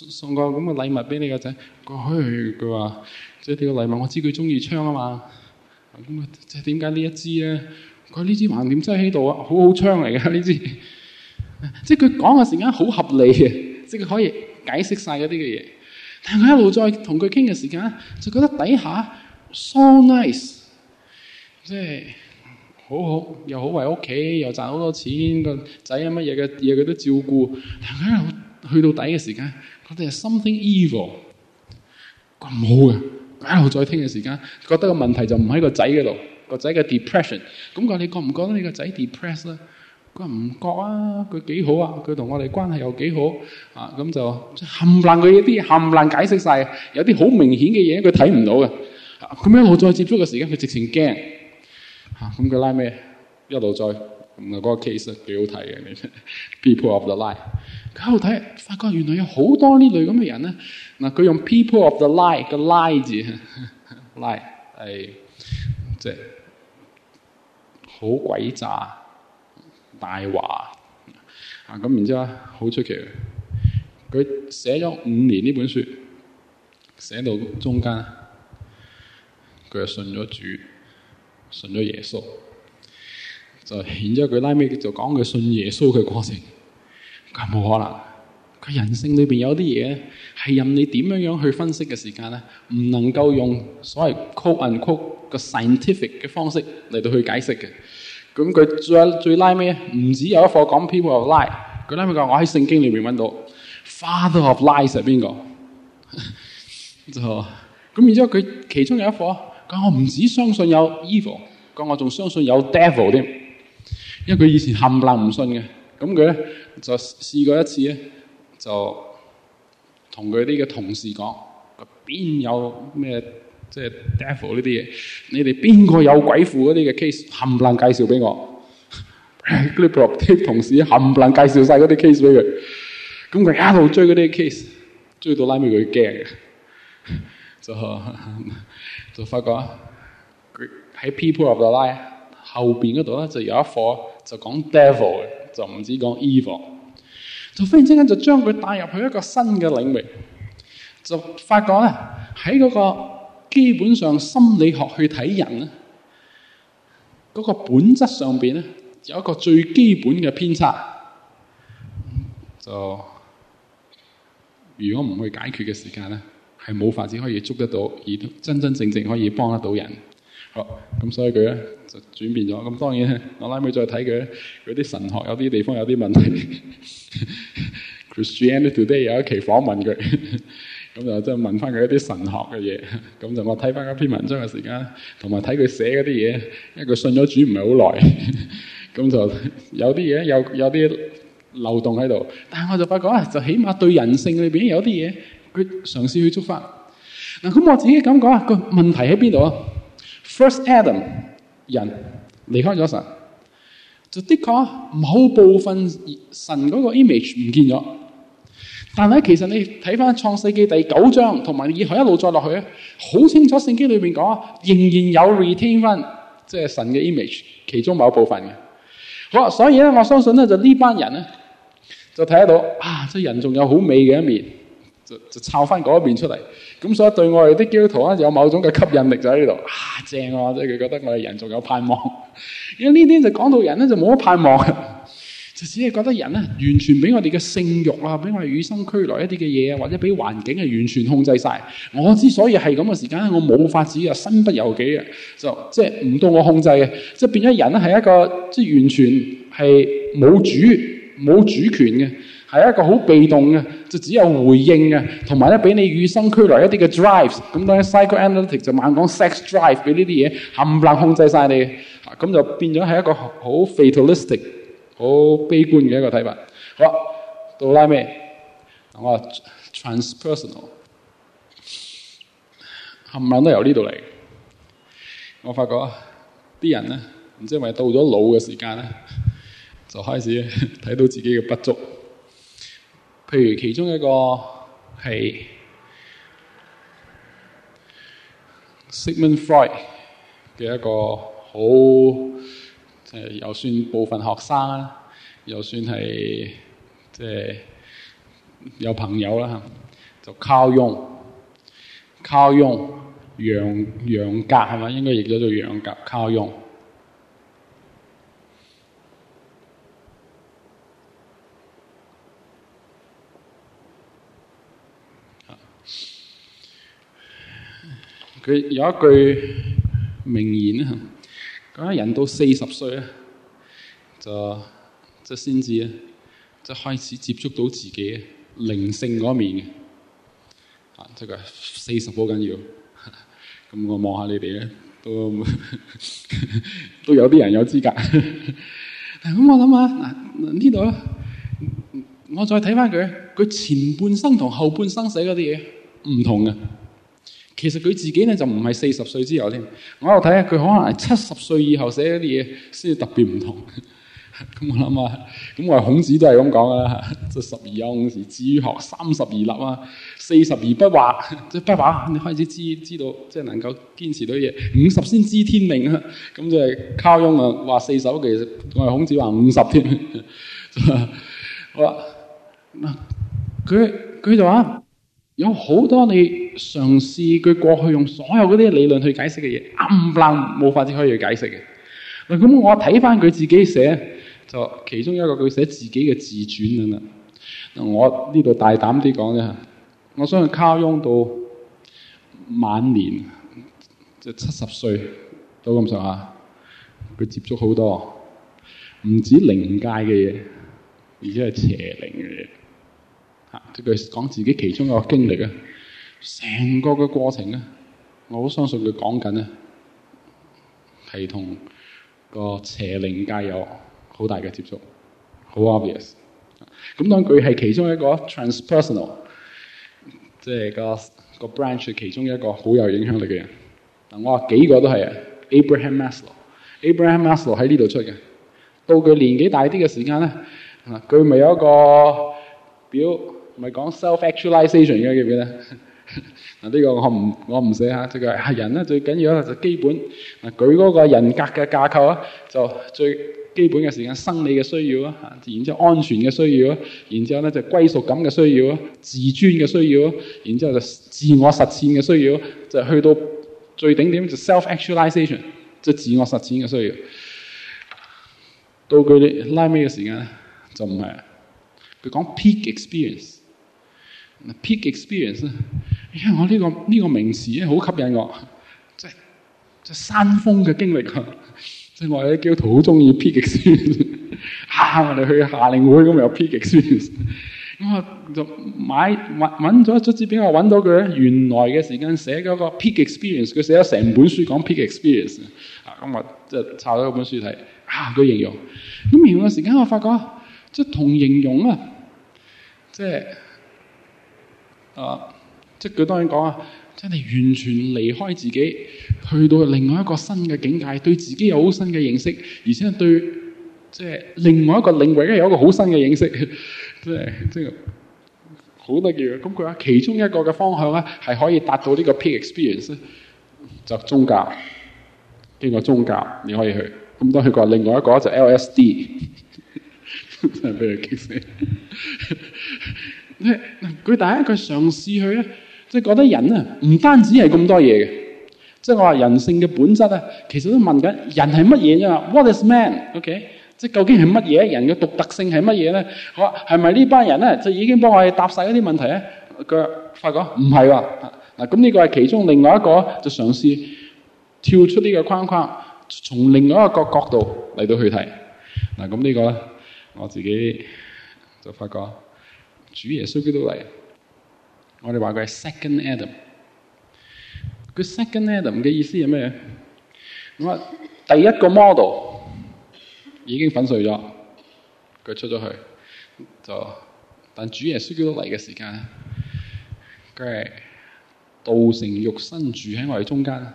送個咁嘅禮物俾你、哎、個仔，佢去，佢話即係呢個禮物，我知佢中意槍啊嘛。咁啊，即係點解呢一支咧？佢呢支橫掂真喺度啊，好好槍嚟㗎，呢支。即係佢講嘅時間好合理嘅，即係佢可以解釋晒嗰啲嘅嘢。但係佢一路再同佢傾嘅時間，就覺得底下 so nice，即係好好又好為屋企，又賺好多錢，個仔啊乜嘢嘅嘢佢都照顧。但係佢一路去到底嘅時間。我哋係 something evil。佢好嘅，一路再聽嘅時間，覺得個問題就唔喺個仔嗰度，個仔嘅 depression。咁佢話你覺唔覺得你個仔 depressed 咧？佢唔覺啊，佢幾好啊，佢同我哋關係又幾好啊。咁就冚爛佢啲，冚爛解釋晒，有啲好明顯嘅嘢佢睇唔到嘅。咁、啊、一路再接觸嘅時間，佢直情驚。吓咁佢拉咩？一路再。嗱，嗰個 case 幾好睇嘅，你睇《People of the Lie》，幾好睇，發覺原來有好多呢類的嘅人呢嗱，佢用《People of the Lie》個 lie 字，lie 係即係好鬼詐大話啊！咁、就是、然之後很，好出奇，佢寫咗五年呢本書，寫到中間，佢信咗主，信咗耶穌。然就然之後佢拉尾就講佢信耶穌嘅過程，佢冇可能。佢人性裏面有啲嘢係任你點樣樣去分析嘅時間咧，唔能夠用所謂 call and c o l l 嘅 scientific 嘅方式嚟到去解釋嘅。咁佢最最拉尾唔止有一課講 People of the Lie 佢拉尾講我喺聖經裏面搵到 Father of lies 係邊個？ 就咁然之後佢其中有一課講我唔止相信有 evil，講我仲相信有 devil 添。因為佢以前冚唪唥唔信嘅，咁佢咧就試過一次咧，就同佢啲嘅同事講：佢邊有咩即係 devil 呢啲嘢？你哋邊個有鬼附嗰啲嘅 case 冚唪唥介紹俾我 group 啲同事冚唪唥介紹晒嗰啲 case 俾佢，咁佢一路追嗰啲 case，追到拉尾佢驚嘅， 就 就發覺佢喺 People of the Lie。後邊嗰度咧就有一課，就講 devil 嘅，就唔止講 evil，就忽然之間就將佢帶入去一個新嘅領域，就發覺咧喺嗰個基本上心理學去睇人咧，嗰個本質上邊咧有一個最基本嘅偏差，就如果唔去解決嘅時間咧，係冇法子可以捉得到，而真真正正可以幫得到人。好、哦、咁，所以佢咧就轉變咗。咁當然，我拉尾再睇佢，佢啲神學有啲地方有啲問題。 Christianity Today 有一期訪問佢，咁 就即係問翻佢一啲神學嘅嘢。咁 就我睇翻嗰篇文章嘅時間，同埋睇佢寫嗰啲嘢，因為佢信咗主唔係好耐，咁 就有啲嘢有有啲漏洞喺度。但係我就發覺啊，就起碼對人性裏邊有啲嘢，佢嘗試去觸發。嗱，咁我自己咁講啊，個問題喺邊度啊？First Adam 人離開咗神，就的確某部分神嗰個 image 唔見咗。但係其實你睇翻創世記第九章，同埋以後一路再落去，好清楚聖經裏面講，仍然有 retain 翻即係神嘅 image 其中某一部分嘅。好，所以咧，我相信咧，就呢班人咧，就睇得到啊！即係人仲有好美嘅一面。就抄翻嗰一面出嚟，咁所以對我哋啲基督徒咧有某種嘅吸引力就喺呢度，啊正啊，即係佢覺得我哋人仲有盼望。因為呢啲就講到人咧就冇乜盼望，就只係覺得人咧完全俾我哋嘅性慾啊，俾我哋與生俱來一啲嘅嘢啊，或者俾環境係完全控制晒。我之所以係咁嘅時間，我冇法子啊，身不由己啊。就即係唔到我控制嘅，即係變咗人咧係一個即係完全係冇主冇主權嘅。係一個好被動嘅，就只有回應嘅，同埋咧俾你與生俱來一啲嘅 drives，咁當然 psychoanalytic 就猛講 sex drive，俾呢啲嘢冚唪唥控制晒你，咁就變咗係一個好 fatalistic、好悲觀嘅一個睇法。好啦，到拉咩？我話 transpersonal，冚唪唥都由呢度嚟。我發覺啲人咧，唔知係咪到咗老嘅時間咧，就開始睇 到自己嘅不足。譬如其中一個係 Sigmund Freud 嘅一個好誒，又算部分學生啦，又算係即係有朋友啦，就靠用靠用榮榮格，係咪？應該亦叫做榮格，靠用。佢有一句名言，人到四十歲就先至開始接觸到自己靈性嗰面，啊、即係四十好緊要。啊、咁我望下你哋都，啊、都有啲人有資格。咁我諗啊，嗱呢度，我再睇翻佢，佢前半生同後半生寫嗰啲嘢唔同嘅。其實佢自己咧就唔係四十歲之後添，我喺度睇下佢可能七十歲以後寫啲嘢先特別唔同。咁我諗啊，咁我話孔子都係咁講啊，即係十二有五時，至於學三十而立啊，四十而不惑，即係不惑你開始知知道，即係能夠堅持到嘢。五十先知天命啊，咁就係靠勇啊。話四十其實我係孔子話五十添。好啦，嗱佢佢就話。有好多你嘗試佢過去用所有嗰啲理論去解釋嘅嘢，冚唪唥冇法子可以去解釋嘅。咁我睇翻佢自己寫，就其中一個佢寫自己嘅自傳。我呢度大膽啲講咧，我想去卡翁到晚年即係七十歲都咁上下，佢接觸好多唔止靈界嘅嘢，而且係邪靈嘅嘢。啊！即佢講自己其中一個經歷啊，成個嘅過程啊，我好相信佢講緊啊，係同個邪靈界有好大嘅接觸，好 obvious。咁當佢係其中一個 transpersonal，即係個個 branch 其中一個好有影響力嘅人。嗱，我話幾個都係啊，Abraham Maslow，Abraham Maslow 喺呢度出嘅。到佢年紀大啲嘅時間咧，啊，佢咪有一個表？唔係講 self a c t u a l i z a t i o n 嘅唔咩得？嗱、這、呢個我唔我唔寫吓，即係人咧最緊要咧就基本嗱，佢嗰個人格嘅架構啊，就最基本嘅時間生理嘅需要啊，然之後安全嘅需要啊，然之後咧就歸屬感嘅需要啊，自尊嘅需要啊，然之後就自我實踐嘅需，需要，就去到最頂點就 self a c t u a l i z a t i o n 即係自我實踐嘅需要。到佢哋拉尾嘅時間咧？就唔係佢講 peak experience。Peak experience, 這個這個、peak experience 啊，我呢個呢個名詞咧好吸引我，即係即係山峰嘅經歷啊。所以我喺基督徒好中意 peak experience。吓，我哋去夏令會咁有 peak experience。咁我就買搵咗一支筆，俾我搵到佢咧。原來嘅時間寫咗個 peak experience，佢寫咗成本書講 peak experience 啊。啊，咁我即係抄咗嗰本書睇吓，佢形容咁形容嘅時間，我發覺即係同形容啊，即係。啊！即佢當然講啊，真係完全離開自己，去到另外一個新嘅境界，對自己有好新嘅認識，而且對即係另外一個領域咧有一個好新嘅認識，即係即係好得意嘅。咁佢話其中一個嘅方向咧，係可以達到呢個 peak experience，就宗教經過宗教你可以去。咁當佢話另外一個就 LSD，呵呵真係畀佢激死。佢第一佢嘗試佢咧，即係覺得人啊，唔單止係咁多嘢嘅。即係我話人性嘅本質啊，其實都問緊人係乜嘢啫嘛？What is man？OK？、Okay？即係究竟係乜嘢？人嘅獨特性係乜嘢咧？我話係咪呢班人咧就已經幫我哋答晒嗰啲問題咧？佢發覺唔係喎。嗱咁呢個係其中另外一個就嘗試跳出呢個框框，從另外一個角度嚟到去睇。嗱咁呢個咧我自己就發覺。主耶穌基督嚟，我哋話佢係 Second Adam。佢 Second Adam 嘅意思係咩？第一個 model 已經粉碎咗，佢出咗去，就但主耶穌基督嚟嘅時間，佢係道成肉身住喺我哋中間。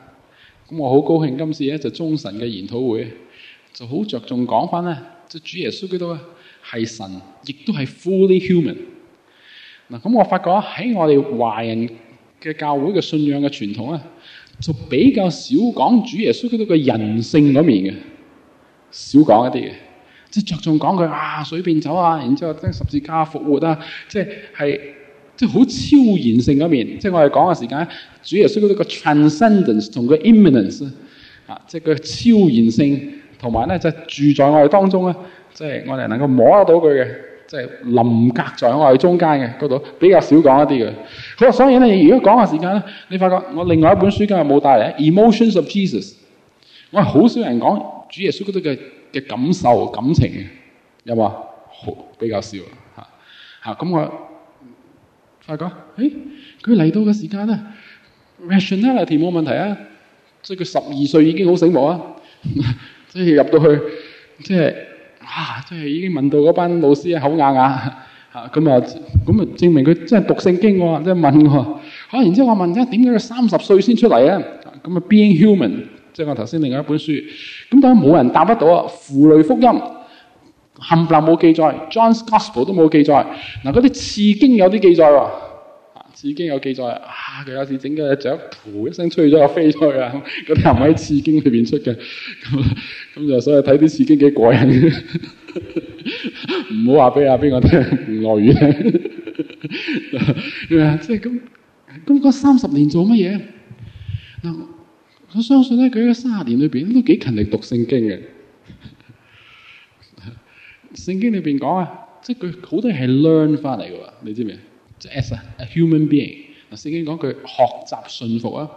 咁我好高興，今次咧就忠神嘅研討會就好着重講返咧，就主耶穌基督啊，係神，亦都係 fully human。嗱咁，我發覺喺我哋華人嘅教會嘅信仰嘅傳統呢，就比較少講主耶穌嗰度嘅人性嗰面嘅，少講一啲嘅，即係着重講佢啊水變酒啊，走然之後即十字架復活啊，即係即係好超然性嗰面，即係我哋講嘅時間，主耶穌嗰個 transcendence 同個 immanence 啊，即係佢超然性，同埋咧就是、住在我哋當中咧，即、就、係、是、我哋能夠摸得到佢嘅。即係臨格在我哋中間嘅嗰度，比較少講一啲嘅。好，所以咧，如果講下時間咧，你發覺我另外一本書今日冇帶嚟，Emotions of Jesus。我係好少人講主耶穌嗰啲嘅嘅感受、感情嘅，有冇啊？好，比較少吓吓。咁我發覺，誒、欸，佢嚟到嘅時間啊，Rationality 冇問題啊，即係佢十二歲已經好醒目啊，即係入到去即係。就是啊！即係已經問到嗰班老師啊，口硬硬嚇，咁啊，咁啊，證明佢真係讀聖經喎，即係問喎。嚇！然之後我問咗點解佢三十歲先出嚟咧？咁啊，Being Human，即係我頭先另外一本書。咁但係冇人答得到啊！符類福音冚唪唥冇記載，《John's Gospel》都冇記載。嗱，嗰啲次經有啲記載喎、啊。《次經》有記載，啊，佢有時整隻雀，噗！一聲吹咗就飛咗去，咁嗰啲係咪喺《次經》裏邊出嘅？咁 咁告 就所以睇啲《次經》幾過癮嘅。唔好話畀阿邊個聽，唔落雨咧。啊？即係咁咁嗰三十年做乜嘢？嗱，我相信咧，佢喺三十年裏邊都幾勤力讀聖經嘅。聖經裏邊講啊，即係佢好多係 learn 翻嚟嘅喎，你知唔知啊？就 as a, a human being，嗱，聖經講句學習信服啊，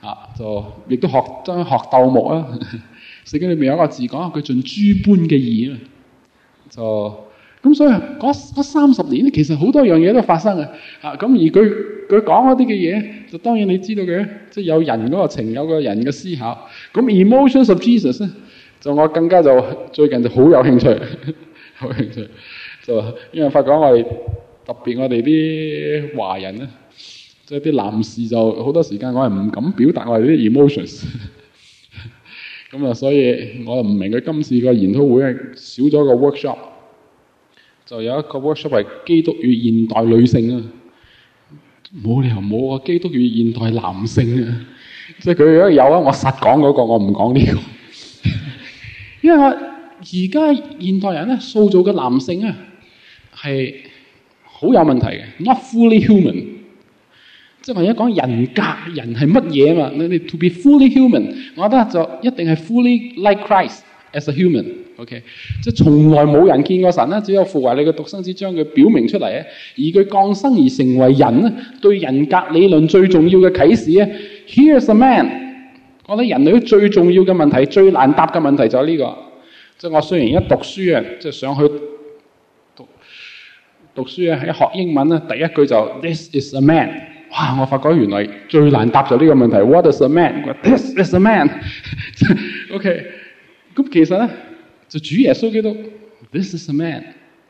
啊，就亦都學將學鬥目啊。聖經裏面有一個字講佢盡諸般嘅義啊，就咁。那所以嗰三十年咧，其實好多樣嘢都發生嘅啊。咁而佢佢講嗰啲嘅嘢，就當然你知道嘅，即係有人嗰個情，有個人嘅思考。咁 emotions of Jesus 咧，就我更加就最近就好有興趣，好興趣就因為發覺我哋。特別我哋啲華人咧，即係啲男士就好多時間，我係唔敢表達我哋啲 emotions。咁啊，所以我又唔明佢今次個研討會係少咗個 workshop，就有一個 workshop 係基督與現代女性啊，冇理由冇啊，基督與現代男性啊。即係佢如果有啊，我實講嗰個，我唔講呢個。 因為我而家現代人咧塑造嘅男性啊，係。好有問題嘅，not fully human。即係話一講人格，人係乜嘢啊嘛？你你 to be fully human，我覺得就一定係 fully like Christ as a human okay？OK，即係從來冇人見過神啊，只有父為你嘅獨生子將佢表明出嚟啊。而佢降生而成為人咧，對人格理論最重要嘅啟示啊。Here's a man。我覺得人類最重要嘅問題、最難答嘅問題就係呢個。即係我雖然一讀書啊，即係想去。讀書咧喺學英文咧，第一句就 This is a man。哇！我發覺原來最難答就呢個問題。What is a man？佢話 This is a man。 OK。咁其實咧就主耶穌基督。This is a man。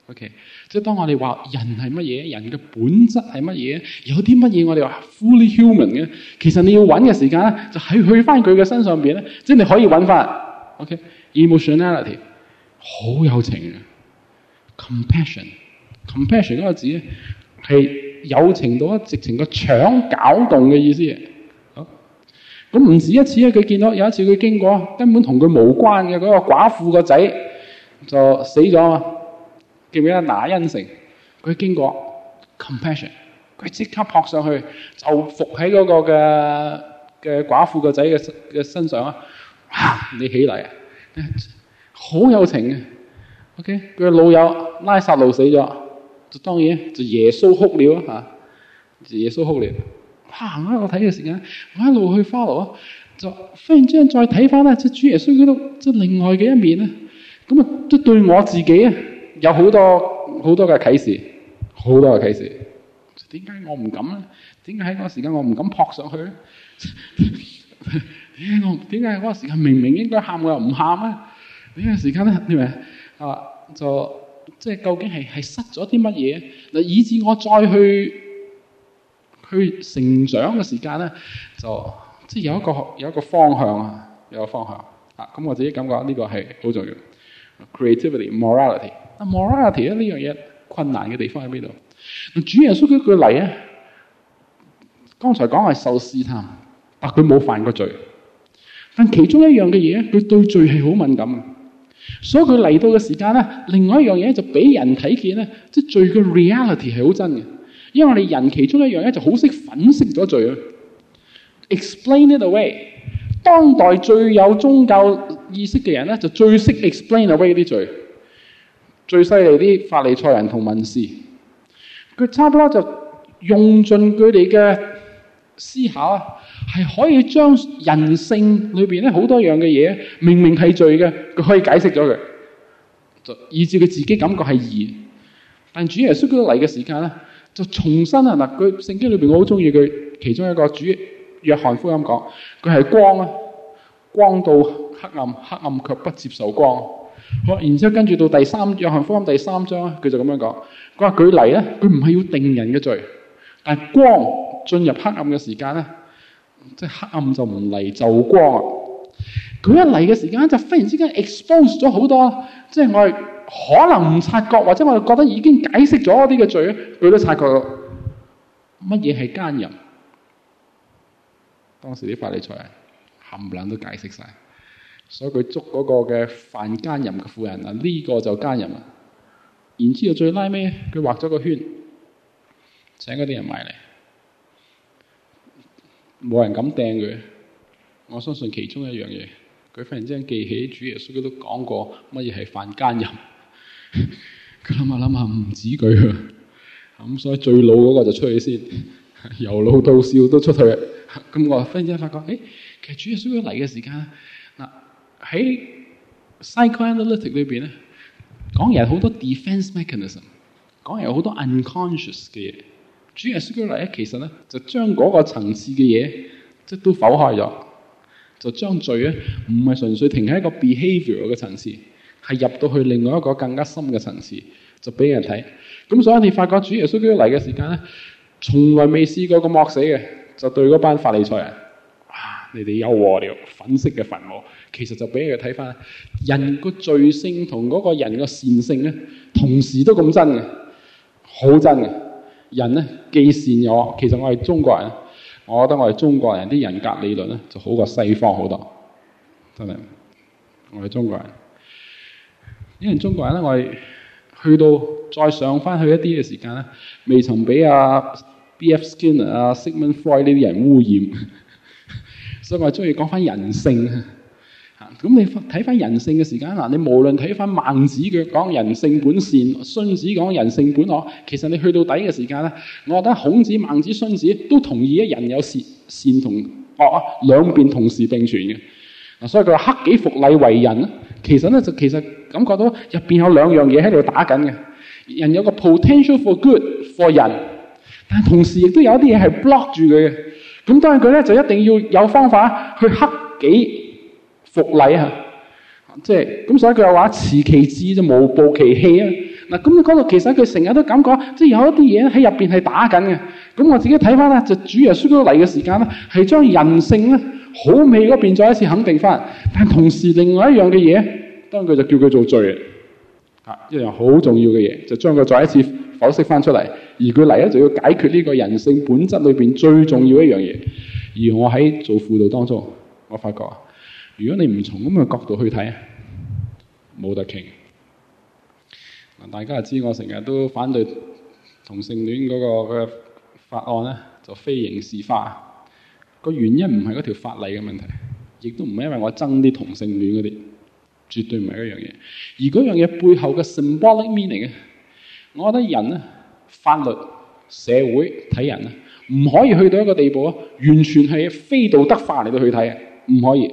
OK。即係當我哋話人係乜嘢，人嘅本質係乜嘢，有啲乜嘢我哋話 fully human 嘅，其實你要揾嘅時間咧就係去翻佢嘅身上邊咧，即係你可以揾翻。OK。Emotionality 好有情嘅。Compassion。compassion 嗰個字咧係有情到一直情個腸攪動嘅意思。咁唔止一次，佢見到有一次佢經過根本同佢無關嘅嗰、那個寡婦個仔就死咗啊。記唔記，記得那個、拿因城，佢經過 compassion，佢即刻撲上去就伏喺嗰個嘅嘅、那個、寡婦個仔嘅嘅身上啊！哇，你起嚟啊，好有情嘅、啊。OK，佢嘅老友拉撒路死咗。就當然，就耶穌哭了嚇。耶穌哭了，行啊！我睇嘅時間，我一路去 follow 啊，就忽然之間再睇翻咧，即主耶穌嗰度，即另外嘅一面咧。咁啊，即係對我自己啊，有好多好多嘅啟示，好多嘅啟示。點解我唔敢咧？點解喺嗰個時間我唔敢撲上去咧？點解我點解喺嗰個時間明明應該喊我又唔喊咧？點解嘅時間咧？係咪啊？就～即係究竟係係失咗啲乜嘢嗱，以致我再去去成長嘅時間咧，就即係有一個有一個方向啊，有一個方向啊，咁我自己感覺呢個係好重要。Creativity、morality，啊，morality 呢樣嘢困難嘅地方喺邊度？主耶穌舉個例啊，剛才講係受試探，但佢冇犯過罪，但其中一樣嘅嘢，佢對罪係好敏感。所以佢嚟到嘅時間咧，另外一樣嘢就俾人睇見咧，即係罪嘅 reality 係好真嘅。因為我哋人其中一樣咧，就好識粉飾咗罪啊。explain it away。當代最有宗教意識嘅人咧，就最識 explain away 啲罪。最犀利啲法利賽人同文士，佢差唔多就用盡佢哋嘅思考。係可以將人性裏面咧好多樣嘅嘢，明明係罪嘅，佢可以解釋咗佢，以致佢自己感覺係義。但主耶穌嚟嘅時間咧，就重新啊。嗱，佢聖經裏面我好中意佢其中一個主約翰福音咁講，佢係光啊，光到黑暗，黑暗卻不接受光。好，然之後跟住到第三約翰福音第三章咧，佢就咁樣講，佢話佢嚟咧，佢唔係要定人嘅罪，但係光進入黑暗嘅時間咧。即、就、係、是、黑暗就唔嚟，就光了。佢一嚟嘅時間就忽然之間 expose 咗好多，即、就、係、是、我哋可能唔察覺，或者我哋覺得已經解釋咗啲嘅罪，佢都察覺到乜嘢係奸淫。當時啲法利賽人冚唪唥都解釋晒，所以佢捉嗰個嘅犯奸淫嘅婦人啊，呢、這個就奸淫啊。然之後最拉尾，佢畫咗個圈，請嗰啲人埋嚟。冇人敢掟佢，我相信其中一樣嘢，佢忽然之間記起主耶穌都講過乜嘢係犯奸淫，佢諗下諗下唔止佢啊，咁所以最老嗰個就出去先，由老到少都出去，咁我忽然之間發覺誒，其實主耶穌嚟嘅時間，嗱喺 psychoanalytic 裏面咧，講嘢好多 defense mechanism，講嘢好多 unconscious 嘅嘢。主耶穌基督嚟咧，其實咧就將嗰個層次嘅嘢即都剖開咗，就將、就是、罪咧唔係純粹停喺一個 behaviour 嘅層次，係入到去另外一個更加深嘅層次，就俾人睇。咁所以你發覺主耶穌基督嚟嘅時間咧，從來未試過咁惡死嘅，就對嗰班法利賽人啊，你哋有禍了！粉飾嘅墳墓，其實就俾人睇翻人個罪性同嗰個人嘅善性咧，同時都咁真嘅，好真嘅。人呢，既善我，其實我係中國人，我覺得我係中國人啲人格理論呢就好過西方好多，真係。我係中國人，因為中國人呢，我係去到再上翻去一啲嘅時間呢，未曾俾阿 B.F. Skinner 啊、Sigmund Freud 呢啲人污染，所以我鍾意講返人性。咁你睇翻人性嘅時間嗱，你無論睇翻孟子講人性本善，荀子講人性本惡，其實你去到底嘅時間咧，我覺得孔子、孟子、荀子、荀子都同意一人有善善同惡、哦、兩邊同時並存嘅。嗱，所以佢話克己復禮為仁，其實咧就其實感覺到入邊有兩樣嘢喺度打緊嘅。人有個 potential for good for 人，但同時亦都有啲嘢係 block 住佢嘅。咁當然，佢咧，就一定要有方法去克己。復禮啊，即係咁。所以佢又話持其志就無暴其氣啊。嗱，咁你講到其實佢成日都感覺即係有一啲嘢喺入邊係打緊嘅。咁我自己睇翻啦，就主耶穌嚟嘅時間咧，係將人性咧好美嗰邊再一次肯定翻，但同時另外一樣嘅嘢，當佢就叫佢做罪啊，一樣好重要嘅嘢，就將佢再一次剖析翻出嚟。而佢嚟咧，就要解決呢個人性本質裏邊最重要一樣嘢。而我喺做輔導當中，我發覺。如果你唔從咁嘅角度去睇啊，冇得傾。嗱，大家就知我成日都反對同性戀嗰個嘅法案咧，就非刑事化。個原因唔係嗰條法例嘅問題，亦都唔係因為我憎啲同性戀嗰啲，絕對唔係一樣嘢。而嗰樣嘢背後嘅 symbolic meaning 嘅，我覺得人啊，法律、社會睇人啊，唔可以去到一個地步啊，完全係非道德化嚟到去睇啊，唔可以。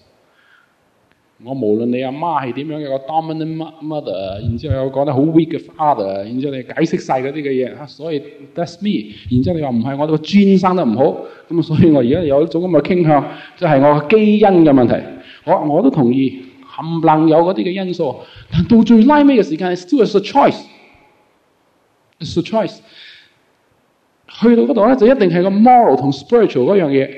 我，無論你阿媽係點樣嘅，有一個 dominant mother，然之後有講得好 weak 嘅 father，然之後你解釋晒嗰啲嘅嘢，所以 that's me。然之後你話唔係我個基因生得唔好，咁所以我而家有一種咁嘅傾向，就係、是、我個基因嘅問題。我我都同意，冚唪唥有嗰啲嘅因素。但到最拉尾嘅時間，still is a choice。is a choice。去到嗰度咧，就一定係個 moral 同 spiritual 嗰樣嘢。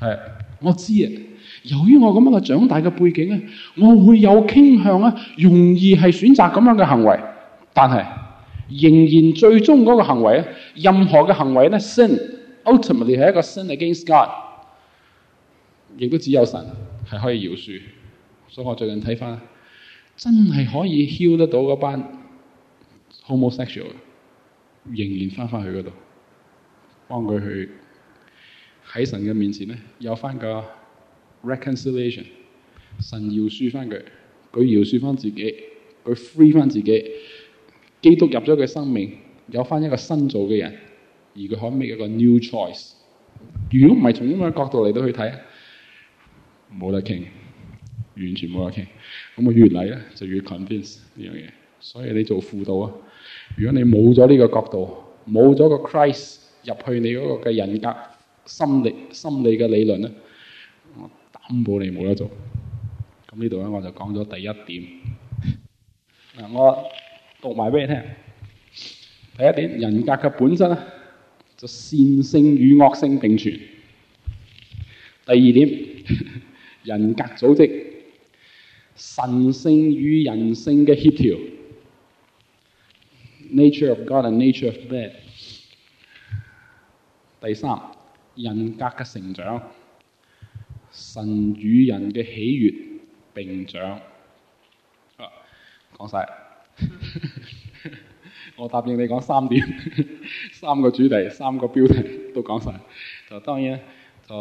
係，我知啊。由於我咁樣嘅長大嘅背景咧，我會有傾向啊，容易係選擇咁樣嘅行為。但係仍然最終嗰個行為咧，任何嘅行為咧，sin ultimately 係一個 sin against God。亦都只有神係可以饒恕。所以我最近睇翻，真係可以 heal 得到嗰班 homosexual，仍然翻翻去嗰度，幫佢去喺神嘅面前咧，有翻個。reconciliation，神饒恕翻佢，佢饒恕翻自己，佢 free 翻自己。基督入咗佢生命，有翻一個新造嘅人，而佢可唔可以有個 new choice。如果唔係從咁嘅角度嚟到去睇，冇得傾，完全冇得傾。咁我越嚟咧就越 convince 呢樣嘢。所以你做輔導啊，如果你冇咗呢個角度，冇咗個 Christ 入去你嗰個嘅人格心理心理嘅理論咧。唔、嗯、好，你冇得做。咁呢度咧，我就講咗第一點。嗱，我讀埋俾你聽。第一點，人格嘅本質咧，就善性與惡性並存。第二點，人格組織，神性與人性嘅協調。Nature of God and nature of man。第三，人格嘅成長。神與人嘅喜悅並長，啊講晒。 我答應你講三點，三個主題，三個標題都講晒。就當然就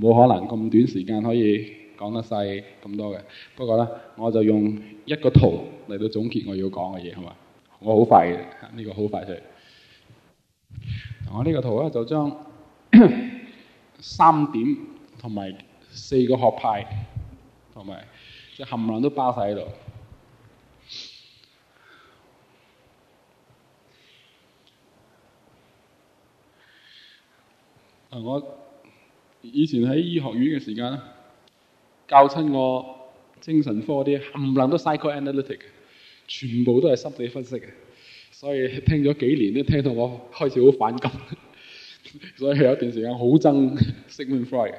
冇可能咁短時間可以講得晒咁多嘅，不過咧，我就用一個圖嚟到總結我要講嘅嘢，係嘛？我好快嘅，呢、這個好快嘅。我呢個圖咧就將三點，同埋四個學派，同埋即係冚唪唥都包晒喺度。我以前喺醫學院嘅時間，教親我精神科啲冚唪唥都 psychoanalytic，全部都係心理分析嘅，所以聽咗幾年都聽到我開始好反感，所以有一段時間好憎 Sigmund Freud 嘅。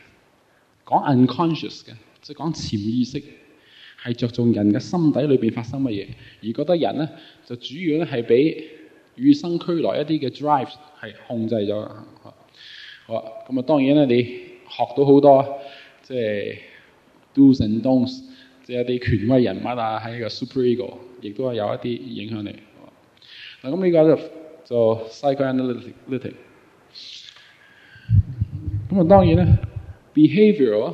講 unconscious 嘅，即係講潛意識，係着重人嘅心底裏面發生乜嘢，而覺得人咧就主要咧係俾與生俱來一啲嘅 drive 係控制咗。好啊，咁啊當然咧，你學到好多即係、就是、dos and don'ts 即係一啲權威人物啊，喺個 super ego 亦都係有一啲影響你。嗱咁呢個就就 psychoanalytic，咁啊當然咧。Behaviour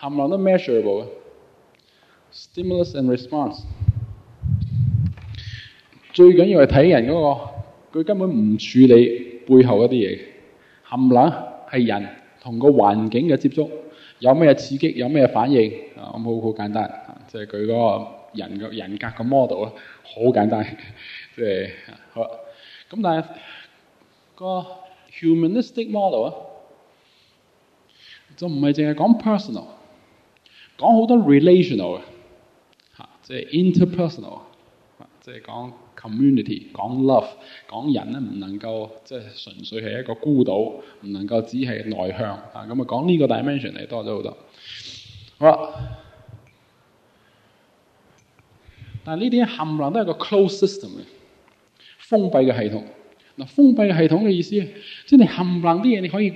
冚唪唥都 measurable，stimulus and response。最緊要係睇人嗰、那個，佢根本唔處理背後嗰啲嘢。冚唪唥係人同個環境嘅接觸，有咩刺激，有咩反應啊咁，好好簡單啊，即係佢嗰個人嘅人格嘅 model 啊，好簡單，即、就、係、是、好。咁但係個 humanistic model 啊。就唔係淨係講 personal，講好多 relational 嘅嚇，即係 interpersonal，即係講 community、講 love、講人咧，唔能夠即係純粹係一個孤島，唔能夠只係內向啊。咁啊，講呢個 dimension 係多咗好多，好啦。但係呢啲冚唪唥都係個 closed system 嘅封閉嘅系統。嗱，封閉嘅系統嘅意思，即係你冚唪唥啲嘢你可以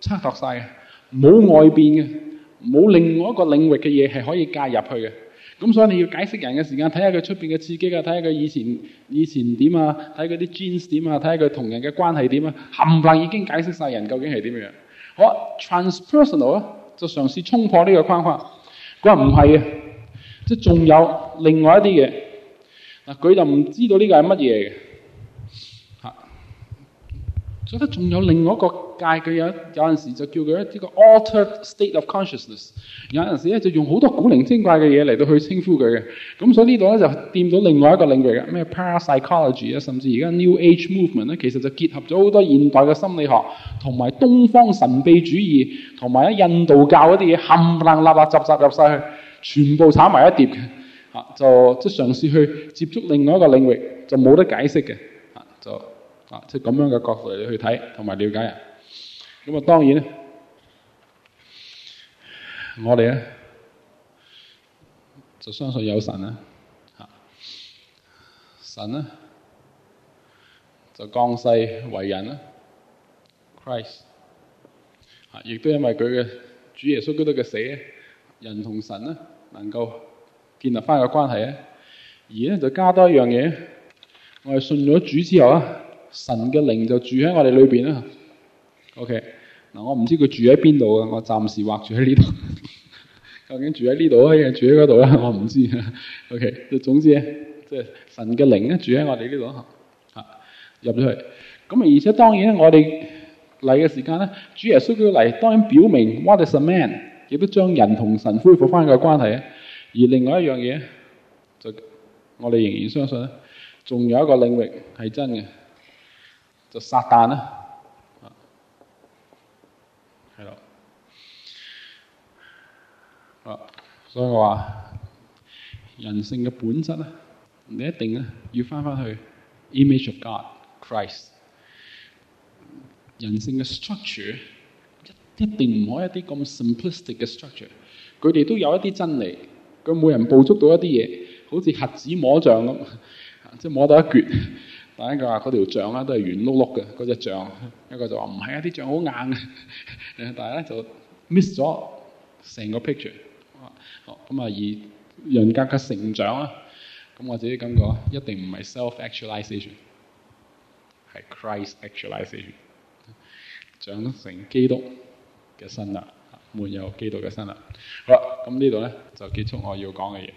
拆落晒嘅。冇外邊嘅，冇另外一個領域嘅嘢係可以介入去嘅。咁所以你要解釋人嘅時間，睇下佢出面嘅刺激啊，睇下佢以前以前點啊，睇佢啲 genes 點啊，睇下佢同人嘅關係點啊，冚唪唥已經解釋晒人究竟係點樣。好，transpersonal 啊，Trans 就嘗試衝破呢個框框。佢話唔係嘅，即係仲有另外一啲嘢。嗱，佢就唔知道呢個係乜嘢嘅。覺得仲有另外一個界嘅，有有陣時就叫佢呢個 altered state of consciousness，有陣時咧就用好多古靈精怪嘅嘢嚟到去稱呼佢嘅。咁所以呢度咧就掂到另外一個領域嘅咩 parapsychology 啊，甚至而家 new age movement 咧，其實就結合咗好多現代嘅心理學同埋東方神秘主義同埋啊印度教嗰啲嘢冚唪唥立立雜雜入晒去，全部炒埋一碟嘅，啊就即係嘗試去接觸另外一個領域就冇得解釋嘅，啊就。啊！即係咁樣嘅角度嚟去睇同埋了解那，咁當當然，我哋就相信有神，神呢就降世為人 Christ，也亦都因為佢嘅主耶穌基督嘅死，人同神呢能夠建立翻個關係咧，而呢就加多一樣嘢，我係信咗主之後啊。神嘅靈就住喺我哋裏邊啦。O K 嗱，我唔知佢住喺邊度啊，我暫時畫住喺呢度。 究竟住喺呢度啊，住喺嗰度咧，我唔知。OK，總之即係神嘅靈咧，住喺我哋呢度吓，入咗去。咁而且當然我哋嚟嘅時間咧，主耶穌嘅嚟，當然表明 What is a man？亦都將人同神恢復翻嘅關係。而另外一樣嘢，就我哋仍然相信，仲有一個領域係真嘅。就撒旦啦，係咯，所以我話人性嘅本質咧，你一定咧要翻翻去 image of God, Christ。人性嘅 structure 一定唔可以有一啲咁 simplistic 嘅 structure。佢哋都有一啲真理，佢每人捕捉到一啲嘢，好似瞎子摸象咁，即摸到一橛。大家個話嗰條象咧都係圓碌碌嘅，嗰隻象。 一個就話唔係啊，啲象好硬嘅，但係就 miss 咗成個 picture。好咁啊，而人格嘅成長啊，咁我自己感覺一定唔係 self actualization 係 Christ actualization 長成基督嘅身啊，滿有基督嘅身啊。好啦，咁呢度咧就結束我要講嘅嘢。